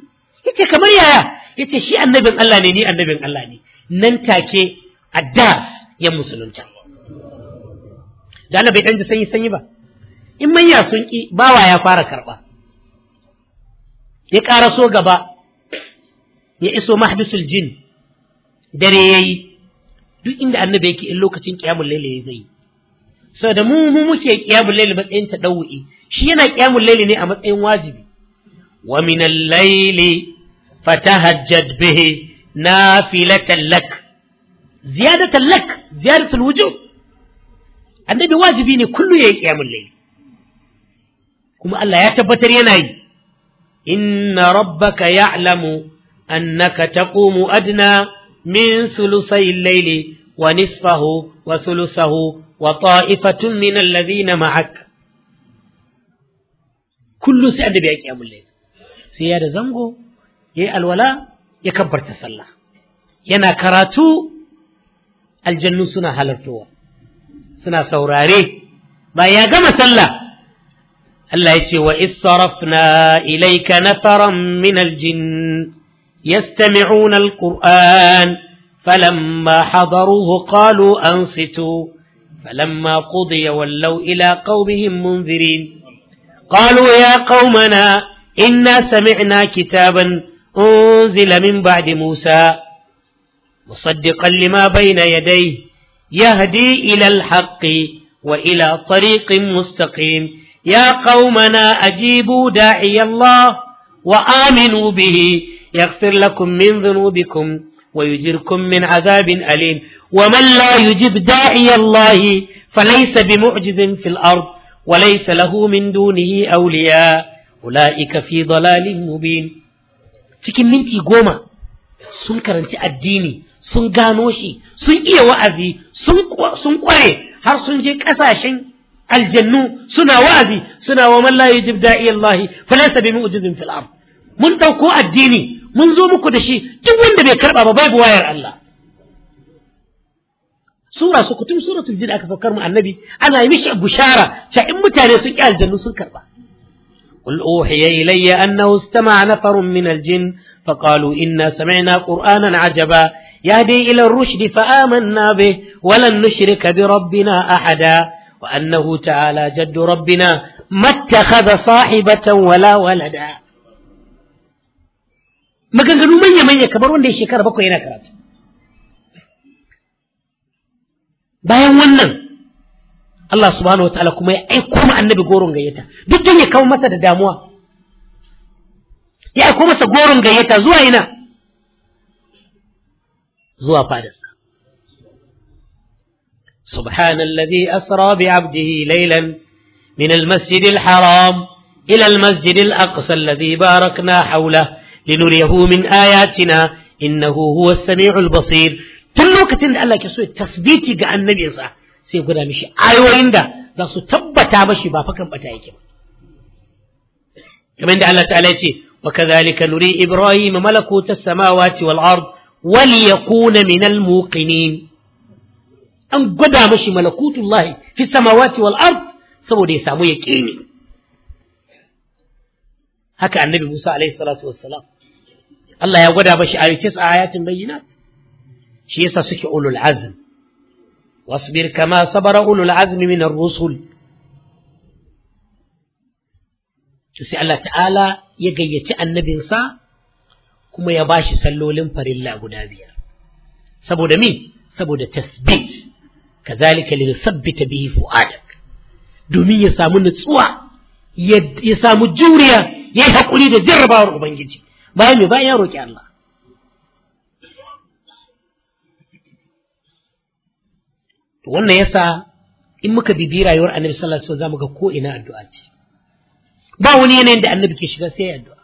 Ya ce kamar yaya Ya ce shi annabin Allah ne ni annabin Allah ne nan take addas ya musulunta da bai dan ji sanyi sanyi ba in manya sun ki bawa ya fara karɓa. ya ƙara so gaba ya iso mahdisul jin dare yayi duk inda annabi yake in lokacin qiyamul ya zai saboda mu mu muke qiyamul layli matsayin tadawwi shi yana qiyamul layli ne a matsayin wajibi wa min al-layli fatahajjad bihi nafilatan lak ziyadatan lak ziyadatul wujub annabi wajibi ne kullu yi qiyamul layli kuma Allah ya tabbatar yana yi inna rabbaka ya'lamu annaka taqumu adna من ثلثي الليل ونصفه وثلثه وطائفة من الذين معك كل سعد يا الليل سيادة زنغو يا الولاء يكبر تسلى ينا كراتو الجنة سنة هلرتوا سنة سوراري ما قم سلى الله يتي وإذ صرفنا إليك نفرا من الجن يستمعون القرآن فلما حضروه قالوا أنصتوا فلما قضي ولوا إلى قومهم منذرين قالوا يا قومنا إنا سمعنا كتابا أنزل من بعد موسى مصدقا لما بين يديه يهدي إلى الحق وإلى طريق مستقيم يا قومنا أجيبوا داعي الله وآمنوا به يغفر لكم من ذنوبكم ويجركم من عذاب أليم ومن لا يجب داعي الله فليس بمعجز في الأرض وليس له من دونه أولياء أولئك في ضلال مبين تكي منتي قوما سن كرنتي الديني سن قانوشي سن إيا وأذي سن قوري هر سن جي كساشين الجنو سنا وأذي سنا ومن لا يجب داعي الله فليس بمعجز في الأرض من توقو الديني mun zo muku da shi duk wanda bai karba ba bai wayar Allah sura su kutum suratul jin aka saukar mu annabi ana yi mishi bushara cha in mutane sun ƙi aljannu sun karba قل أوحي إلي أنه استمع نفر من الجن فقالوا إنا سمعنا قرآنا عجبا يهدي إلى الرشد فآمنا به ولن نشرك بربنا أحدا وأنه تعالى جد ربنا ما اتخذ صاحبة ولا ولدا maganganu manya manya kamar wanda ya shekara bakwai yana karatu bayan wannan Allah subhanahu wa ta'ala kuma ya aiko ma annabi goron gayyata duk don ya kawo masa da damuwa ya aiko masa goron gayyata zuwa ina zuwa fadar سبحان الذي أسرى بعبده ليلا من المسجد الحرام إلى المسجد الأقصى الذي باركنا حوله linuriyahu min ayatina innahu huwa samiul basir tun lokacin da Allah ya so tasbiti ga annabi annabinsa sai guda mishi ayoyin da za su tabbata mashi ba fakan bata yake ba kamar da Allah ta'ala ya ce wa kadhalika nuri ibrahim malakuta samawati wal ard wal yakuna min al muqinin an gwada mashi malakutullahi fi samawati wal ard saboda ya samu yaqini haka annabi Musa alaihi salatu wassalam Allah ya gwada bashi ayyukin sa ayatin bayyinat shi yasa suke ulul azm wasbir kama sabara ulul azmi min ar-rusul sai Allah ta'ala ya gayyaci annabinsa kuma ya bashi sallolin farilla guda biyar saboda me saboda tasbit kazalika linusabbita bihi fu'adak domin ya samu nutsuwa ya samu juriya ya yi haƙuri da jarrabawar ubangiji bayan me bayan ya roƙi Allah to wannan yasa in muka bibi rayuwar annabi sallallahu alaihi wasallam zamu ga ko'ina ina addu'a ce ba wani yanayin da annabi ke shiga sai addu'a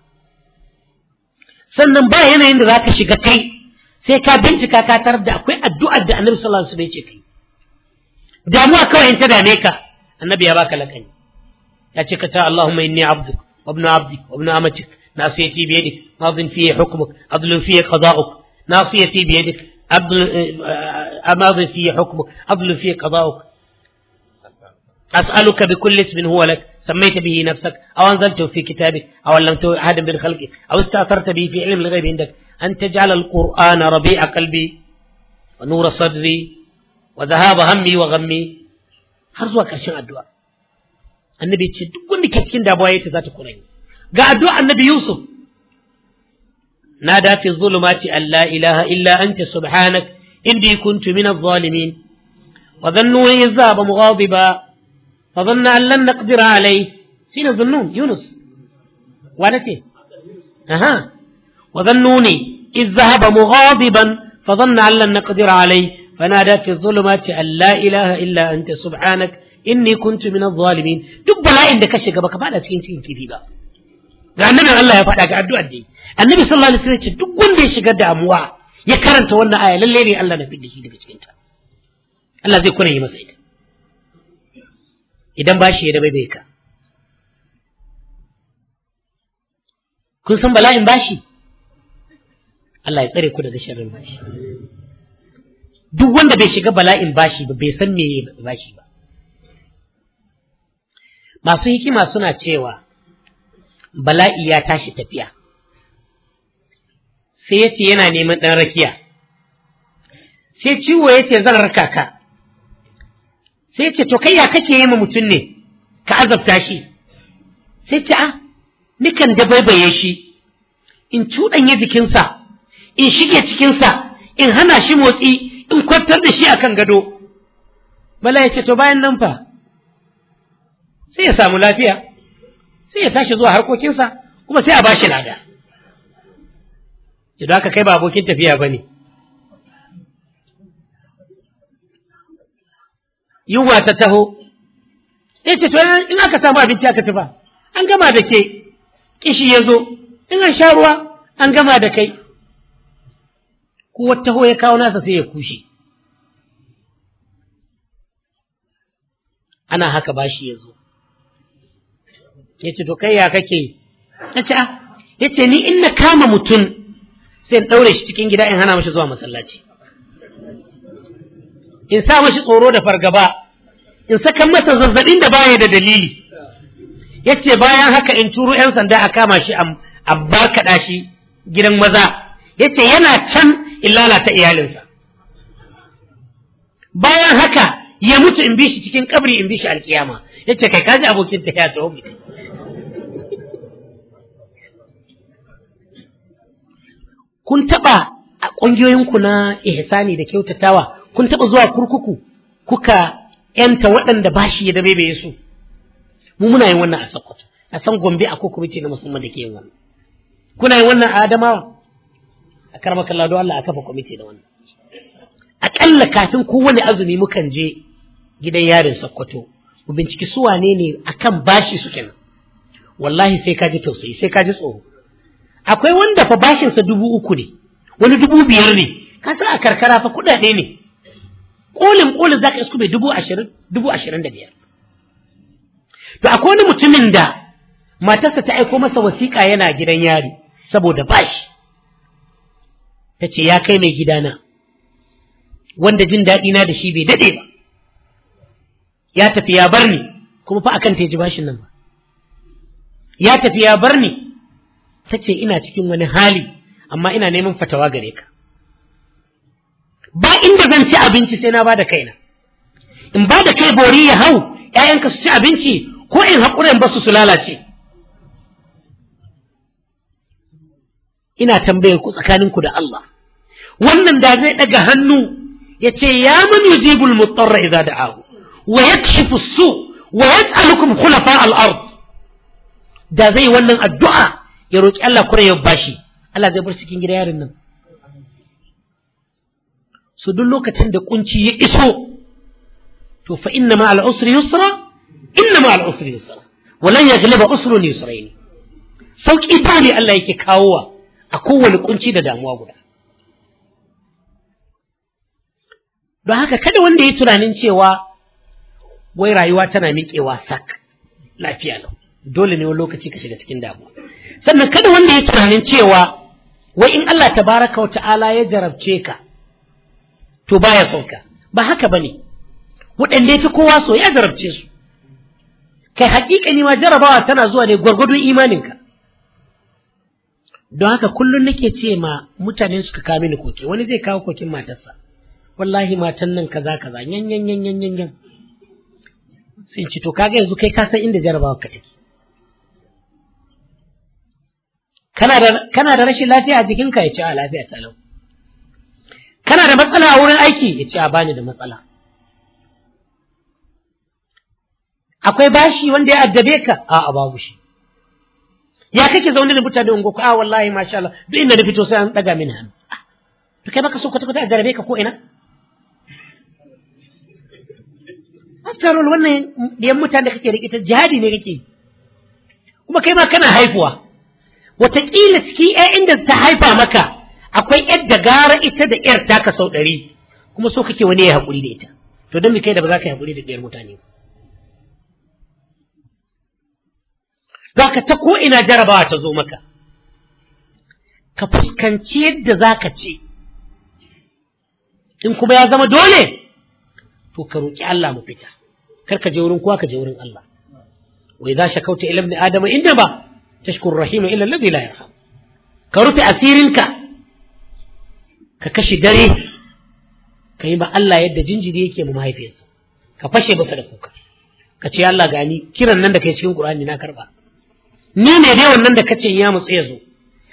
sannan ba yanayin da za ka shiga kai sai ka bincika ka tarar da akwai addu'ar da annabi sallallahu alaihi wasallam ya ce kai damuwa kawai in ta dame ka annabi ya baka lakani ya ce ka ta Allahumma inni abduk wa ibnu abdik wa ibnu amatik ناصيتي بيدك ماض فيه حكمك عدل فيه قضاؤك ناصيتي بيدك آه، آه، ماض فيه حكمك عدل فيه قضاؤك أسألك بكل اسم هو لك سميت به نفسك أو أنزلته في كتابك أو علمته أحدا من خلقك أو استأثرت به في علم الغيب عندك أن تجعل القرآن ربيع قلبي ونور صدري وذهاب همي وغمي har zuwa الدواء النبي تشد كل كتكين دابوية ذات cikin ga addu'a annabi Yusuf nada fi zulumati alla ilaha illa anta subhanak inni kuntu min adh-dhalimin wa dhannu idh dhaba mughadiba fa dhanna an lan naqdira alayhi sina dhannun Yunus wa nake aha wa dhannuni idh dhahaba mughadiban fa dhanna an lan naqdira alayhi فنادى في الظلمات أن لا إله إلا أنت سبحانك إني كنت من الظالمين دب لا عندك شيء بك بعد تين تين كذي بقى ga annabin Allah ya faɗa ga addu'ar da annabi sallallahu alaihi wasallam ce duk wanda ya shiga damuwa ya karanta wannan aya lalle ne Allah na fidda shi daga cikin ta Allah zai kuna yi masa ita idan ba shi ya dabai bai ka kun san bala'in bashi Allah ya tsare ku daga sharrin bashi duk wanda bai shiga bala'in bashi ba bai san meye bashi ba masu hikima suna cewa bala'i ya tashi tafiya sai ya ce yana neman ɗan rakiya sai ciwo ya ce zan raka ka sai ce to kai ya kake yi ma mutum ne ka azabta shi sai ce a nikan da baibaye shi in cuɗanya jikinsa in shige cikinsa in hana shi motsi in kwantar da shi akan gado bala ya ce to bayan nan fa sai ya samu lafiya sai ya tashi zuwa harkokinsa kuma sai a ba bashi lada idan aka kai ba abokin tafiya ba ne yunwa ta taho ya ce to in aka samu abinci aka ci ba an gama da ke kishi ya zo in an sha ruwa an gama da kai ko taho ya kawo nasa sai ya kushe ana haka bashi ya zo ce to kai ya kake ce, ah. ya ce ni in na kama mutum sai in ɗaure shi cikin gida in hana mashi zuwa masallaci in sa mashi tsoro da fargaba in saka masa zazzaɓin da baya da dalili Ya ce bayan haka in turu yan sanda a kama shi a barkada shi gidan maza ya ce yana can in lalata iyalinsa bayan haka ya mutu in bi shi cikin kabri in bi shi alkiyama ce kai kaji abokin ta ya tawo mutum kun taɓa a ƙungiyoyinku na ihsani da kyautatawa kun taɓa zuwa kurkuku kuka yanta waɗanda ba shi ya da bebe su mu muna yin wannan a Sokoto a san Gombe a ko ce na musamman da ke yin wannan kuna yin wannan a Adamawa a karmakalla don Allah a kafa kwamiti da wannan aƙalla kafin kowane azumi mukan je gidan yarin Sokoto mu binciki su wane ne akan bashi su kenan wallahi sai ka ji tausayi sai ka ji tsoro akwai wanda fa bashinsa dubu uku ne wani dubu biyar ne ka san a karkara fa kuɗaɗe ne kolin kolin zaka isku mai dubu ashirin dubu ashirin da biyar to akwai wani mutumin da matarsa ta aiko masa wasiƙa yana gidan yari saboda bashi ta ce ya kai mai gidana wanda jin daɗi na da shi bai daɗe ba ya tafi ya bar ni kuma fa akan ta ji bashin nan ba ya tafi ya bar ni ta ce ina cikin wani hali amma ina neman fatawa gare ka ba inda zan ci abinci sai na ba da kaina in ba da kai bori ya hau ‘ya'yanka su ci abinci ko in haƙurin ba su su lalace ina tambayar ku tsakaninku da Allah wannan da zai ɗaga hannu ya ce ya man yujibul mutarra da da'ahu wa yakshifu su wa yas'alukum khulafa al-ard da zai wannan addu'a ya roƙi Allah kure ya bashi Allah zai bar cikin gida yarin nan su duk lokacin da kunci ya iso to fa inna ma al usri yusra inna ma al usri yusra walan yaghliba usrun yusrayn sauki ba ne Allah yake kawowa a kowane kunci da damuwa guda don haka kada wanda ya tunanin cewa wai rayuwa tana miƙewa sak lafiya lau dole ne wani lokaci ka shiga cikin damuwa sannan kada wanda ya tunanin cewa wai in Allah tabaraka wa ta'ala ya jarabce ka to baya son ka ba haka bane waɗanda ya fi kowa so ya jarabce su kai ni ma jarabawa tana zuwa ne gwargwadon imaninka don haka kullum nake ce ma mutanen suka kawo mini koke wani zai kawo kokin matarsa wallahi matan nan kaza kaza yan yan yan yan yan sai ci to kaga yanzu kai ka san inda jarabawa ka take kana da rashin lafiya a jikinka ya ce a lafiya ta lau kana da matsala a wurin aiki ya ce a bani da matsala akwai bashi wanda ya addabe ka a a babu shi ya kake zaune da mutane ungo ko a wallahi masha Allah duk inda na fito sai an daga mini hannu ah, to kai baka so kwata kwata a ka ko ina after all wannan yan mutane da kake rikita jihadi ne kake kuma kai ma kana haifuwa wataƙila ciki 'ya'yan da ta haifa maka akwai yadda gara ita da 'yar ta ka sau ɗari kuma so kake wani ya haƙuri da ita to don kai da ba za ka yi haƙuri da ɗayar mutane ba za ka ta ko ina jarabawa ta zo maka ka fuskanci yadda za ka ce in kuma ya zama dole to ka roƙi Allah mu fita kar ka je wurin kowa ka je wurin Allah Wai za shakauta ila adama inda ba tashkur rahimu illa alladhi ka rufe asirin ka kashe dare ka yi ba yadda jinjiri yake mu mahaifiyarsa ka fashe masa da kuka ka ce Allah gani kiran nan da kai cikin Qur'ani na karba ni ne yawan nan da kace ya mutsa ya zo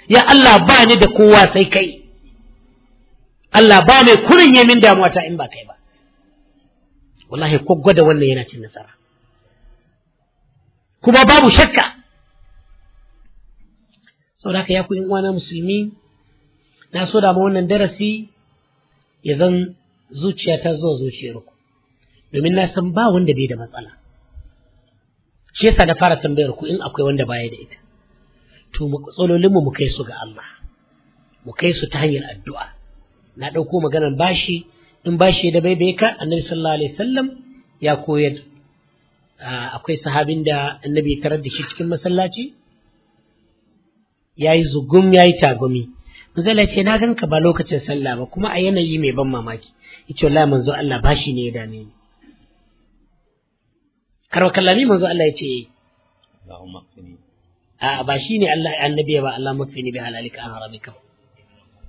ya Allah bani da kowa sai kai Allah ba mai kurin yamin damuwa ta in ba kai ba wallahi ko gwada wannan yana cin nasara kuma babu shakka saboda haka ya ku yan uwana musulmi na so da ma wannan darasi ya zan zuciya ta zuwa zuciyar ku domin na san ba wanda bai da matsala shi yasa na fara tambayar ku in akwai wanda baya da ita to tsololin mu kai su ga Allah mu kai su ta hanyar addu'a na ɗauko maganar bashi in bashi da bai bai ka annabi sallallahu alaihi wasallam ya koyar ah, akwai sahabin da annabi ya tarar da shi cikin masallaci ya yi zugum ya yi tagumi manzala ce na ganka ba lokacin sallah ba kuma a yanayi mai ban mamaki yace wallahi manzo Allah bashi ne ya dame ni karwa kallami manzo Allah yace eh. Allahumma qini a ba ne Allah annabi ba Allahumma qini bi halalika an haramika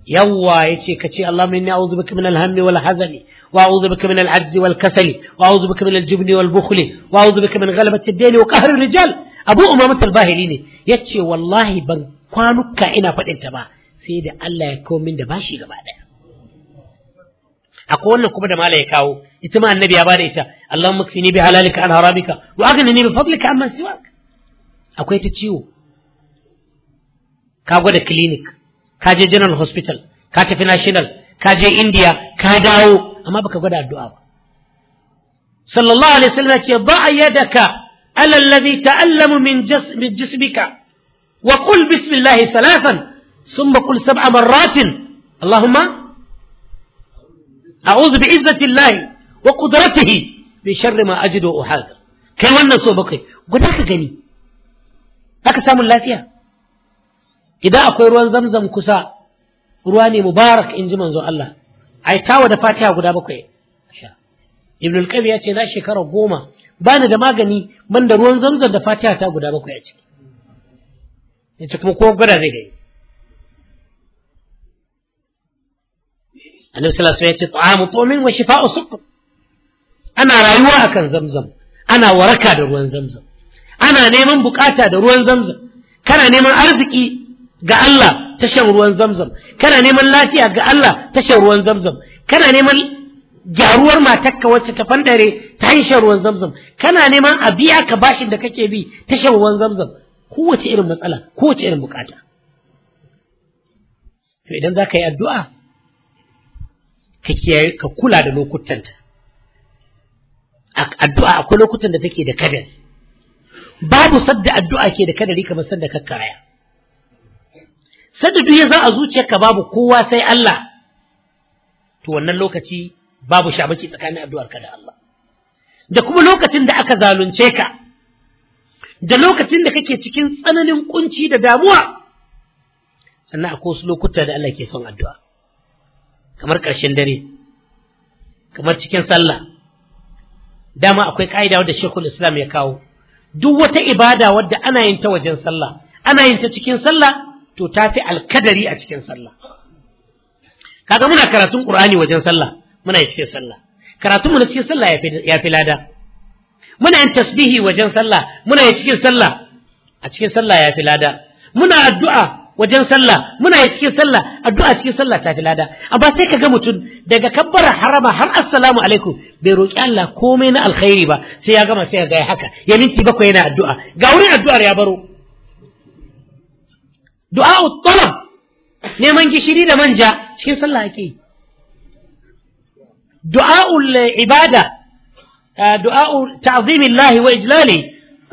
Yawwa yace kace Allahumma inni a'udhu bika min al-hammi wal hazani wa a'udhu bika min al-'ajzi wal kasali wa a'udhu bika min al-jubni wal bukhli wa a'udhu bika min ghalabati ad-dayn wa qahri ar-rijal Abu Umamah al-Bahili ne yace wallahi ban kwanuka ina faɗinta ba sai da Allah ya kawo min da bashi gaba ɗaya akwai wannan kuma da mala ya kawo ita ma annabi ya bada ita Allahumma ni bi halalika an haramika wa aghnini bi fadlika amman siwa." akwai ta ciwo ka gwada clinic ka je general hospital ka tafi national ka je india ka dawo amma baka gwada addu'a ba sallallahu alaihi wasallam ya ce ba yadaka ala ta'allamu min jismika وقل بسم الله ثلاثا ثم قل سبع مرات اللهم أعوذ بعزة الله وقدرته من شر ما أجد وأحاذر كما أن سوبك قلت غني هكذا سام الله فيها إذا أقول روان زمزم كسا رواني مبارك إن زمن زو الله أي تاوى دفاتها قد أبوك ابن الكبير يأتي ناشي كارو قوما بان دماغني من دروان زمزم دفاتها تاوى قد أبوك يأتي ya ce kuma ko gwada zai gai annabi sallallahu alaihi wasallam ya ce ta'amu tu'min wa shifa'u sukr ana rayuwa akan zamzam ana waraka da ruwan zamzam ana neman bukata da ruwan zamzam kana neman arziki ga Allah ta shan ruwan zamzam kana neman lafiya ga Allah ta shan ruwan zamzam kana neman gyaruwar matakka wacce ta fandare ta yin shan ruwan zamzam kana neman a biya ka bashin da kake bi ta shan ruwan zamzam kowace irin matsala kowace irin bukata to idan za ka yi addu'a ka kiyaye ka kula da lokutanta addu'a akwai lokutan da take da kadari babu sadda addu'a ke da kadari kamar sadda kakkaraya sadda duk ya za a zuciyarka babu kowa sai Allah to wannan lokaci babu shabaki tsakanin addu'ar ka da Allah da kuma lokacin da aka zalunce ka da lokacin da kake cikin tsananin kunci da damuwa sannan akwai wasu lokuta da Allah ke son addu'a kamar ƙarshen dare kamar cikin sallah dama akwai ka'ida wadda shekul islam ya kawo duk wata ibada wadda ana yin ta wajen sallah ana yin ta cikin sallah to ta fi alkadari a cikin sallah kaga muna karatun qur'ani wajen sallah muna yi cikin sallah karatunmu na cikin sallah ya fi lada muna yin tasbihi wajen sallah muna yi cikin sallah a cikin sallah ya fi lada muna addu'a wajen sallah muna yi cikin sallah addu'a cikin sallah ta fi lada amma sai ka ga mutum daga kabbara harama har assalamu alaikum bai roƙi Allah komai na alkhairi ba sai ya gama sai ya ga haka ya minti bakwai yana addu'a ga wurin addu'ar ya baro du'a talab neman gishiri da manja cikin sallah ake yi du'a ibada آه، دعاء تعظيم الله وإجلاله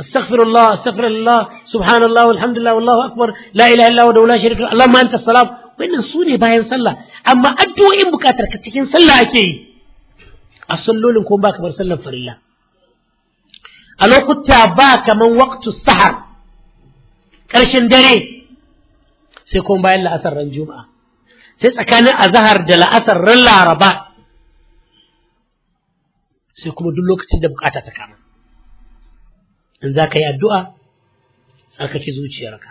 استغفر الله استغفر الله سبحان الله والحمد لله والله أكبر لا إله إلا الله ولا شريك له اللهم أنت الصلاه وإن صوني باين صلى أما أدو إن بكاتر كتكين صلى أكي أصلوا لنكم باك برسلم فر الله ألو كنت أباك من وقت السحر كرشن داري سيكون باين لأسر الجمعة سيكون أزهر دل أسر الله رباه sai kuma duk lokacin da bukata ta kama in za ka yi addu'a tsarkake zuciyarka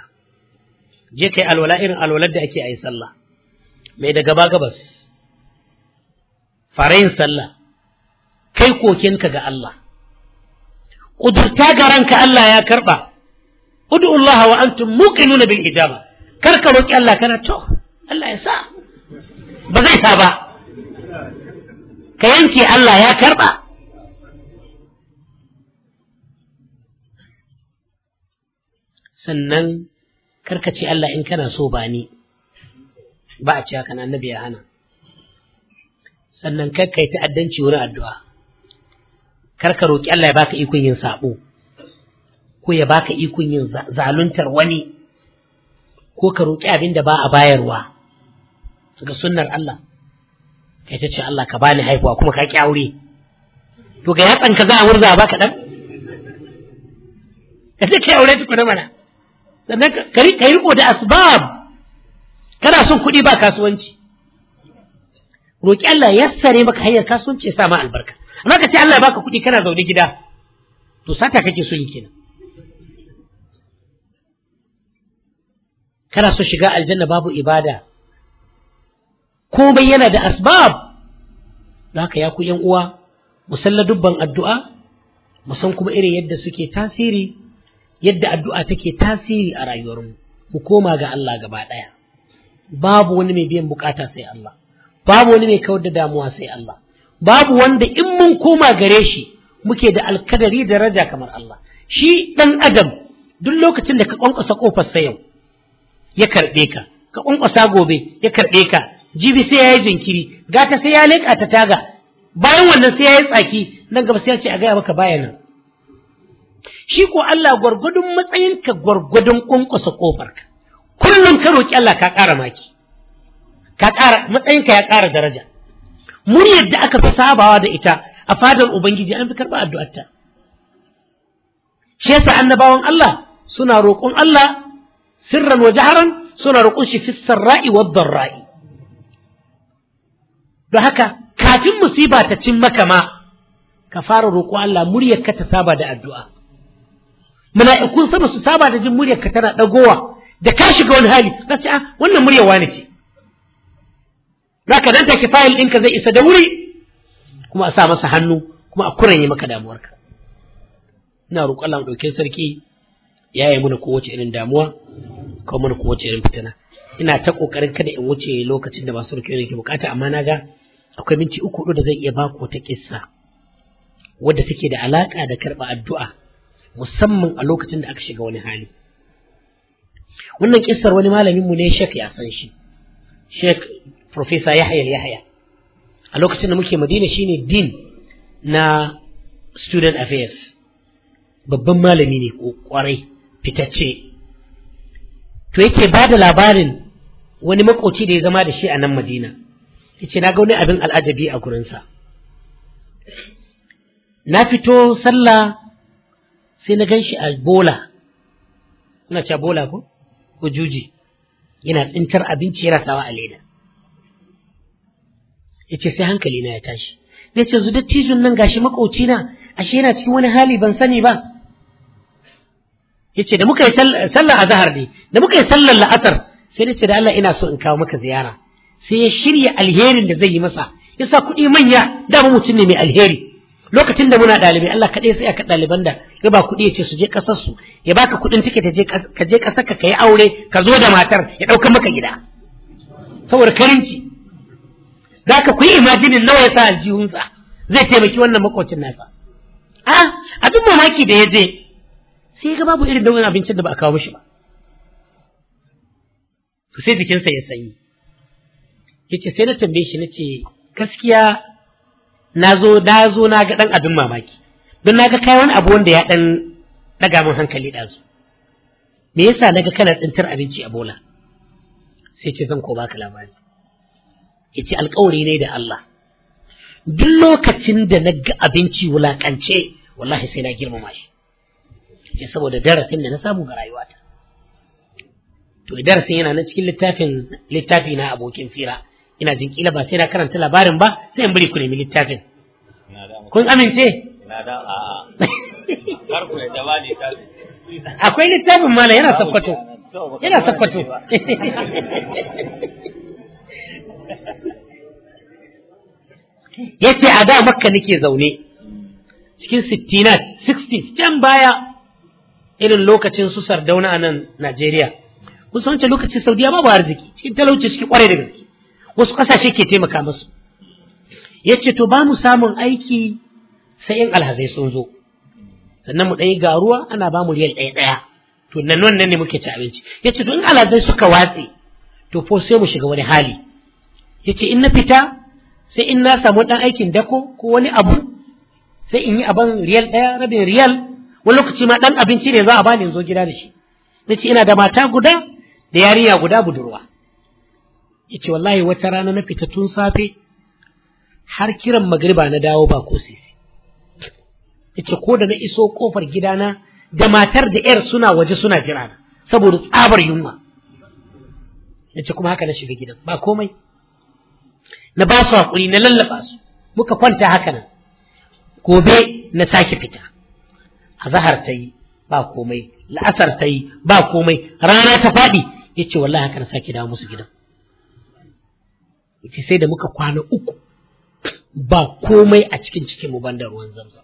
je ka yi alwala irin alwalar da ake a yi sallah mai da gaba gabas fara yin sallah kai kokenka ga Allah ƙudurta ga ranka Allah ya karɓa udu'ullaha wa antum muqinuna bil ijaba kar ka roƙi Allah kana to Allah ya sa ba zai sa ba ka yanke Allah ya karɓa sannan karkace Allah in kana so ba ni ba a ce haka annabi ya hana sannan karkai ta'addanci wurin addu'a karka roƙi Allah ya baka ikon yin sabo ko ya baka ikon yin zaluntar wani ko ka roƙi abin da ba a bayarwa ga sunnar Allah kai ta ce Allah ka bani haihuwa kuma ka ki aure to ga yatsan ka za a wurza ba ɗan? ka ce kai aure tukuna mana sannan ka yi riko da asbab kana son kuɗi ba kasuwanci roƙi Allah ya sare maka hanyar kasuwanci ya sa ma albarka amma ka ce Allah ya baka kuɗi kana zaune gida to sata kake so yi kana so shiga aljanna babu ibada komai yana da asbab da haka ya ku yan uwa mu dubban addu'a mu san kuma irin yadda suke tasiri yadda addu'a take tasiri a rayuwarmu mu koma ga Allah gaba ɗaya babu wani mai biyan bukata sai Allah babu wani mai kawar da damuwa sai Allah babu wanda in mun koma gare shi muke da alkadari da daraja kamar Allah shi ɗan adam duk lokacin da ka ƙwanƙwasa ƙofar yau ya karɓe ka ka ƙwanƙwasa gobe ya karɓe ka jibi sai ya yi jinkiri gata sai ya leƙa ta taga bayan wannan sai ya yi tsaki nan gaba sai ya ce a gaya maka bayanan shi ko Allah gwargwadon matsayinka gwargwadon kunkusa kofarka kullum ka roƙi Allah ka ƙara maki ka ƙara matsayinka ya ƙara daraja muryar da aka fi sabawa da ita a fadar ubangiji an fi karɓa addu'arta shi yasa annabawan Allah suna roƙon Allah sirran wa jaharan suna roƙon shi fi sarra'i wa ra'i. don haka kafin musiba ta cin maka ma ka fara roƙo Allah muryarka ta saba da addu'a mala'ikun sama su saba da jin muryar ka tana dagowa da ka shiga wani hali za su ah, wannan muryar wani ce ka danta ki fayil ɗinka zai isa da wuri kuma a sa masa hannu kuma a yi maka damuwarka ina roƙon Allah ɗauke sarki ya yi mana kowace irin damuwa ko mana kowace irin fitina ina ta ƙoƙarin kada in wuce lokacin da masu rikiyo ke bukata amma na ga akwai minti uku da zai iya bako wata kissa wadda take da alaƙa da karɓa addu'a musamman a lokacin da aka shiga wani hali wannan kisar wani malaminmu ne Sheikh ya san shi Sheikh profesa Yahya Yahya a lokacin da muke Madina shine din na Student Affairs babban malami ne kwarai fitacce to yake ba da labarin wani makoci da ya zama da shi a nan Madina yace na ga wani abin al'ajabi a gurinsa na fito sallah sai na gan shi a bola kuna cewa bola ko ko juji yana tsintar abinci yana sawa a leda ce sai hankali na ya tashi Ya ce zu dattijun nan gashi makauci na ashe yana cikin wani hali ban sani ba yace da muka yi sallar ne da muka yi sallar la'asar sai ce da Allah ina so in kawo maka ziyara sai ya shirya alherin da zai yi masa ya sa kuɗi manya dama mutum ne mai alheri lokacin da muna ɗalibai Allah kaɗai sai aka ɗaliban da ya ba kuɗi ya ce su je ƙasar su ya baka kuɗin tiket ka je ƙasar ka kai aure ka zo da matar ya ɗauka maka gida saboda karinci za ka ku yi imajinin nawa ya sa aljihunsa zai taimaki wannan makwacin nasa a abin mamaki da ya je sai ga babu irin nau'in abincin da ba a kawo shi ba sai jikinsa ya sanyi ya ce sai na tambaye shi na ce gaskiya na zo na ga ɗan abin mamaki don na ga kai wani abu wanda ya ɗan ɗaga mun hankali ɗazu me yasa na ga kana tsintar abinci a bola sai ce zan ko baka labari ya ce alkawari ne da Allah duk lokacin da na ga abinci wulakance wallahi sai na girmama shi ce saboda darasin da na samu ga rayuwata to darasin yana na cikin littafin littafi na abokin fira ina jin kila ba sai na karanta labarin ba sai in bari ku nemi littafin kun amince akwai littafin mana yana sakwato. yana Ya ce a da makka nake zaune cikin 60 60 can baya irin lokacin su sardauna a nan Najeriya kun san lokacin Saudiya ba ba arziki cikin talauci suke kwarai da gaske wasu kasashe ke taimaka musu ce to ba mu samun aiki sai in alhazai sun zo sannan mu ɗaya ga ruwa ana ba mu riyal ɗaya ɗaya to nan wannan ne muke ci abinci ya ce to in alhazai suka watse to fo sai mu shiga wani hali ya ce in na fita sai in na samu ɗan aikin dako ko wani abu sai in yi abin riyal ɗaya rabin riyal wani lokaci ma ɗan abinci ne za a bani in zo gida da shi na ce ina da mata guda da yarinya guda budurwa ya ce wallahi wata rana na fita tun safe har kiran magariba na dawo ba ko sisi yace ko da na iso kofar gidana da matar da yar suna waje suna jira saboda tsabar yunwa yace kuma haka na shiga gidan ba komai na ba su hakuri na lallaba su muka kwanta haka nan gobe na sake fita a zahar ta yi ba komai la'asar ta yi ba komai rana ta faɗi yace wallahi haka na sake dawo musu gidan yace sai da muka kwana uku ba komai a cikin cikin mu banda ruwan zamzam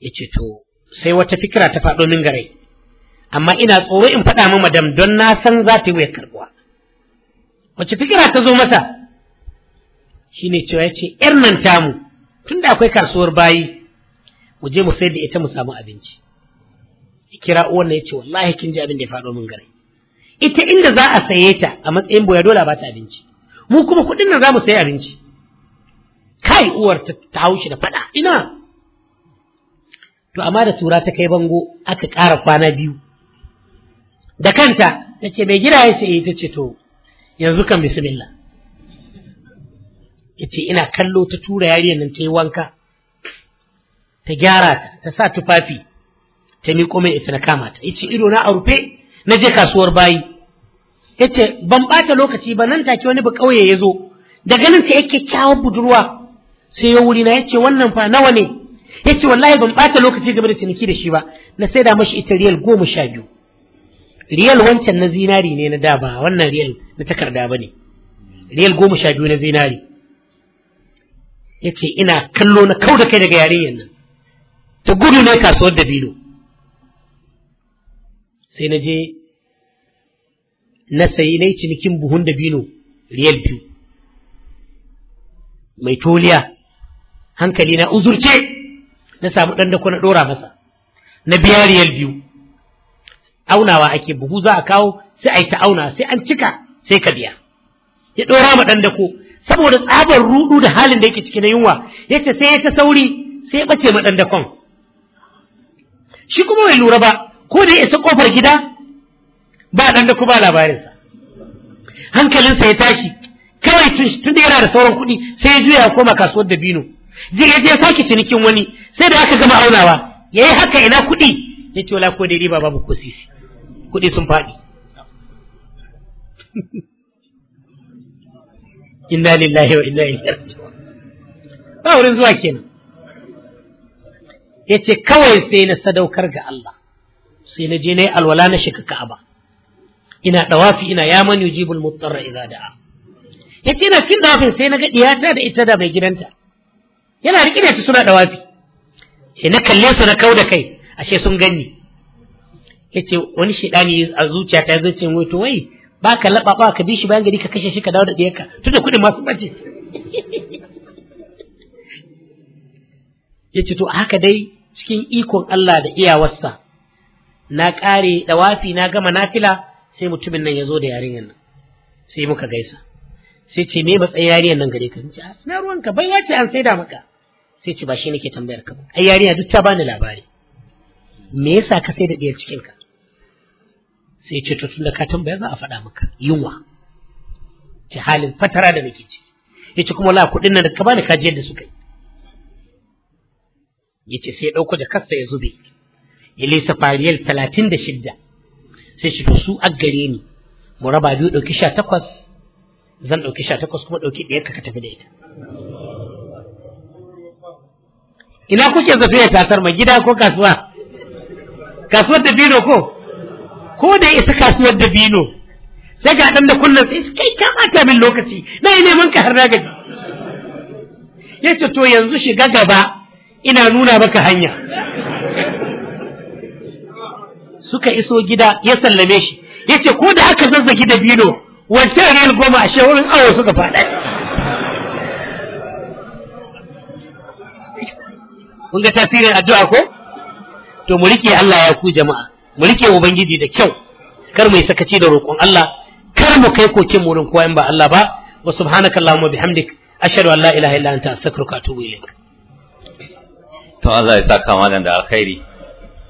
ya ce to sai wata fikira ta faɗo min garai amma ina tsoro in faɗa ma madam don na san za ta yi wuyar karɓuwa wace fikira ta zo masa Shi ne cewa ya ce ‘yar nan tamu tun da akwai kasuwar bayi mu je mu sayar da ita mu samu abinci ya kira uwan ya ce wallahi kin ji abin da ya faɗo min garai ita inda za a saye ta a matsayin boya dole ba ta abinci mu kuma kuɗin nan za mu sayi abinci kai uwar ta haushi da faɗa ina to amma da tura ta kai bango aka ƙara kwana biyu da kanta ta ce mai gida ya ce eh, ta ce to yanzu kan bismillah ya ce ina kallo ta tura yari nan ta yi wanka ta gyara ta ta sa tufafi ta miƙo mai ita na kama ta ya ce ido na a rufe na je kasuwar bayi ya ce ban ɓata lokaci ba nan take wani ba ƙauye ya zo Da ganin ta yake kyawun budurwa sai ya wuri na ya ce wannan fa nawa ne ya ce wallahi ban ɓata lokaci game da ciniki da shi ba na saida mashi ita riyal goma sha biyu riyal wancan na zinari ne na da wannan riyal na takarda ba ne riyal goma sha biyu na zinari ya ce ina kallo na kau da kai daga yarinyar nan ta gudu ne kasuwar dabino sai na je na sayi na yi cinikin buhun dabino riyal biyu mai toliya hankali na uzurce na samu ɗan dako na ɗora masa na biya riyar biyu aunawa ake buhu za a kawo sai a yi ta auna sai an cika sai ka biya ya ɗora ma ɗan dako saboda tsabar rudu da halin da yake ciki na yunwa ya ce sai ya ta sauri sai ya ɓace ma ɗan dakon shi kuma bai lura ba ko da ya isa ƙofar gida ba ɗan dako ba labarinsa hankalinsa ya tashi kawai tun da yana da sauran kuɗi sai ya juya ya koma kasuwar dabino zai ya ya sake cinikin wani sai da aka gama aunawa ya yi haka ina kuɗi ya ce wala ko dai riba babu ko sisi kuɗi sun faɗi inna lillahi wa inna ilaihi raji'un ba wurin zuwa kenan yace kawai sai na sadaukar ga Allah sai na je nayi alwala na shiga Ka'aba ina dawafi ina ya man yujibul mutarra idza da'a yace ina cikin dawafin sai na ga diyata da ita da mai gidanta yana riƙe da su suna wafi. sai na kalle su na kau da kai ashe sun ganni yace wani shedani a zuciya ta zai ce wai to wai baka laba ba ka bi shi bayan gari ka kashe shi ka dawo da tun da kudin masu bace yace to haka dai cikin ikon Allah da iyawarsa na kare wafi na gama nafila sai mutumin nan ya zo da yarinyar nan sai muka gaisa sai ce me matsayin yarinyar nan gare ka ah, na ruwanka bai ya ce an saida maka sai ce ba shi nake tambayar ka ba ai yarinya duk ta bani labari me yasa ka sai da ɗiyar cikin ka sai ce to tunda ka tambaya za a faɗa maka yunwa ce halin fatara da nake ci yace kuma la kuɗin nan da ka bani ka je da suka yi yace sai ya ɗauko jakarsa ya zube ya lisa fariyal talatin da shidda sai shi su a gare ni mu raba biyu ɗauki sha takwas zan ɗauki sha takwas kuma ɗauki ɗaya ka tafi da ita ina kuke zato ya tasar mai gida ko kasuwa kasuwar dabino ko ko da isa kasuwar dabino sai ga dan da kullum sai kai ka min lokaci na yi neman ka har na gaji ce to yanzu shiga gaba ina nuna maka hanya suka iso gida ya sallame shi Ya ce ko da aka zazzagi dabino wancan ranar goma a shehurin awo suka faɗa kun ga tasirin addu'a ko to mu rike Allah ya ku jama'a mu rike ubangiji da kyau kar mu yi sakaci da roƙon Allah kar mu kai kokin mu rin koyan ba Allah ba wa subhanaka allahumma bihamdik ashhadu an la ilaha illa anta astaghfiruka wa atubu ilaik to Allah ya saka da alkhairi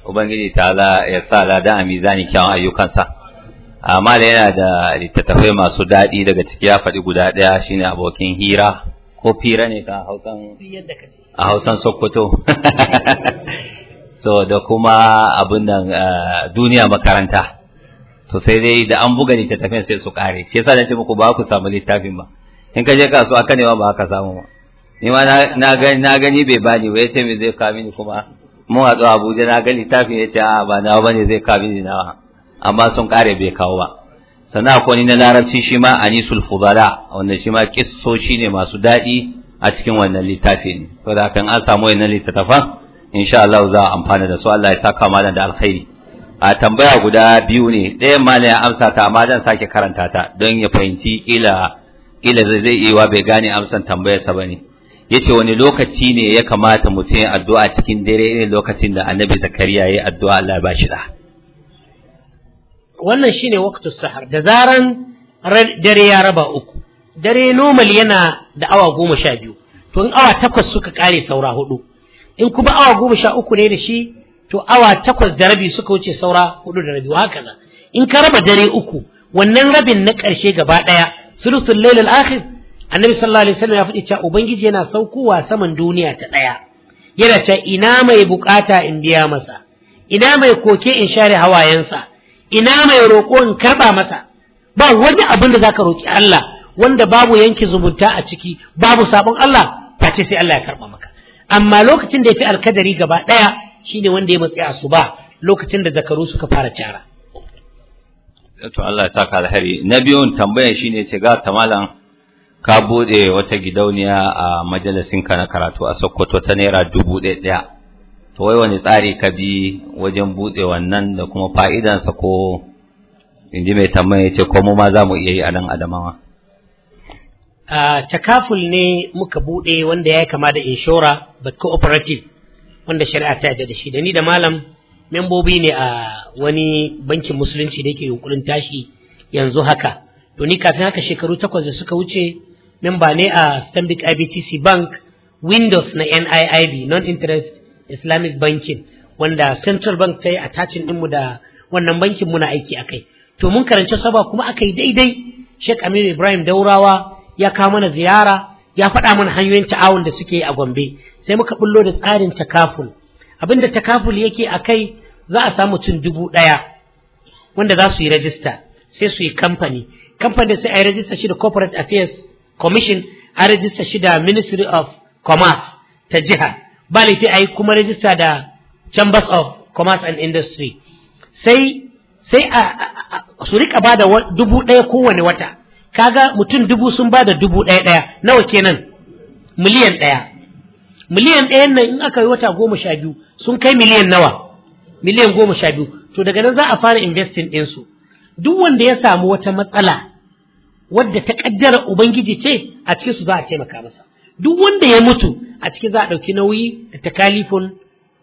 ubangiji ta'ala ya sa lada a mizani kyawun ayyukansa amma da yana da littattafai masu daɗi daga ciki ya faɗi guda ɗaya shine abokin hira ko fira ne ka hausan a hausan sokoto so da kuma abin nan duniya makaranta to sai dai da an buga littattafin sai su kare ce sa nace muku ba ku samu littafin ba in ka je aka nema ba ka samu ba ni ma na gani na gani bai bani ba yace me zai ka mini kuma mu a Abuja na ga littafin yace a ba nawa bane zai ka mini na amma sun kare bai kawo ba sannan akwai na larabci shi ma anisul fudala wanda shi ma shi ne masu daɗi a cikin wannan littafi ne da kan an samu wannan littafin insha Allah za a amfana da su Allah ya saka malam da alkhairi a tambaya guda biyu ne ɗayan malam ya amsa ta amma zan sake karanta ta don ya fahimci kila kila zai iya bai gane amsan tambayar sa bane yace wani lokaci ne ya kamata mutum ya addu'a cikin dare ne lokacin da Annabi Zakariya yayi addu'a Allah ya bashi da wannan shine waqtu sahar da zaran dare ya raba uku dare nomal yana da awa goma sha biyu to in awa takwas suka kare saura hudu in kuma awa goma sha uku ne da shi to awa takwas da rabi suka wuce saura hudu da rabi haka za in ka raba dare uku wannan rabin na ƙarshe gaba ɗaya sulusul lailal akhir annabi sallallahu alaihi wasallam ya faɗi cewa ubangiji yana saukowa saman duniya ta ɗaya yana cewa ina mai bukata in biya masa ina mai koke in share hawayensa ina mai roƙo in karɓa masa ba wani abin da zaka roƙi Allah wanda babu yanke zumunta a ciki babu sabon Allah ce sai Allah ya karɓa maka amma lokacin da ya fi alkadari gaba ɗaya shine wanda ya matsi ba lokacin da zakaru suka fara cara to Allah ya saka alheri na biyun tambayar shine ce ga tamalan ka buɗe wata gidauniya a majalisin ka na karatu a Sokoto ta naira dubu ɗaya to wai wani tsari ka bi wajen buɗe wannan da kuma fa'idansa ko in ji mai tambaya ya ce ko mu ma za mu iya yi a nan adamawa. A takaful ne muka buɗe wanda ya yi kama da inshora but cooperative wanda shari'a ta yadda da shi da ni da malam membobi ne a wani bankin musulunci da yake yunkurin tashi yanzu haka to ni kafin haka shekaru takwas da suka wuce memba ne a Stanbic IBTC Bank Windows na NIIB non interest islamic banking wanda central bank ta yi attachin dinmu da wannan bankin muna aiki a kai. to mun karanci saba kuma aka yi daidai Sheikh Aminu Ibrahim Daurawa ya kawo mana ziyara ya faɗa mana hanyoyin ta'awun da suke yi a Gombe sai muka bullo da tsarin takaful abinda takaful yake a kai za a samu mutum dubu ɗaya wanda za su yi rajista sai su yi kamfani kamfani sai a yi rajista shi da corporate affairs commission a rajista shi da ministry of commerce ta jiha ba laifi a yi kuma rajista da chambers of commerce and industry sai sai a su rika ba da dubu ɗaya kowane wata kaga mutum dubu sun ba da dubu ɗaya ɗaya nawa kenan miliyan ɗaya miliyan ɗayan nan in aka yi wata goma sha biyu sun kai miliyan nawa miliyan goma sha biyu to daga nan za a fara investing ɗinsu duk wanda ya samu wata matsala wadda ta ƙaddara ubangiji ce a cikin su za a taimaka masa duk wanda ya mutu a ciki za a ɗauki nauyi da takalifin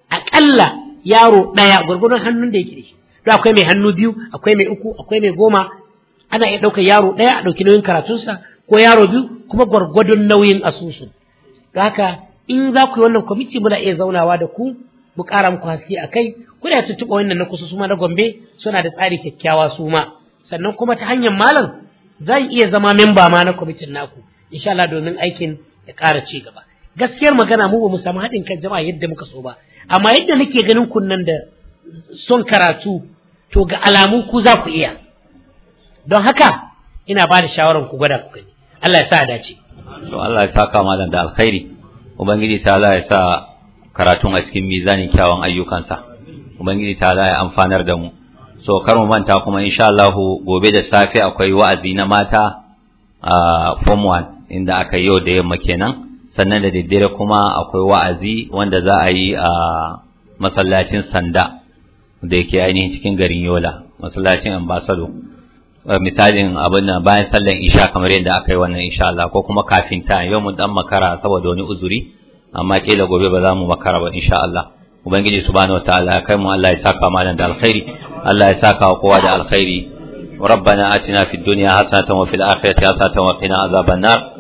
aƙalla yaro ɗaya gwargwadon hannun da yake da shi akwai mai hannu biyu akwai mai uku akwai mai goma ana iya ɗaukar yaro ɗaya a ɗauki nauyin karatunsa ko yaro biyu kuma gwargwadon nauyin asusun. don haka in za ku yi wannan kwamiti muna iya zaunawa da ku mu ƙara muku haske a kai ku ya tuntuɓa wannan na kusa suma na gombe suna da tsari kyakkyawa suma sannan kuma ta hanyar malam zan iya zama memba ma na kwamitin naku insha Allah domin aikin ya ƙara ci gaba gaskiyar magana mu ba mu samu haɗin kan jama'a yadda muka so ba amma yadda nake ganin kunnan da son karatu to ga alamu ku za ku iya don haka ina ba da shawaran ku gwada ku gani Allah ya sa a dace to Allah ya sa ka malam da alkhairi ubangiji ta Allah ya sa karatun a cikin mizanin kyawun ayyukansa ubangiji ta Allah ya amfanar da mu so kar mu manta kuma insha Allah gobe da safe akwai wa'azi na mata a form 1 inda aka yi yau da yamma kenan sannan da daddare kuma akwai wa'azi wanda za a yi a masallacin sanda da yake ainihin cikin garin yola masallacin ambasado misalin abin bayan sallan isha kamar yadda aka yi wannan insha Allah ko kuma kafin ta yau mun dan makara saboda wani uzuri amma kila gobe ba za mu makara ba insha Allah ubangiji subhanahu wataala kai mu Allah ya saka malan da alkhairi Allah ya saka wa kowa da alkhairi ربنا آتنا في الدنيا حسنة وفي الآخرة حسنة وقنا عذاب النار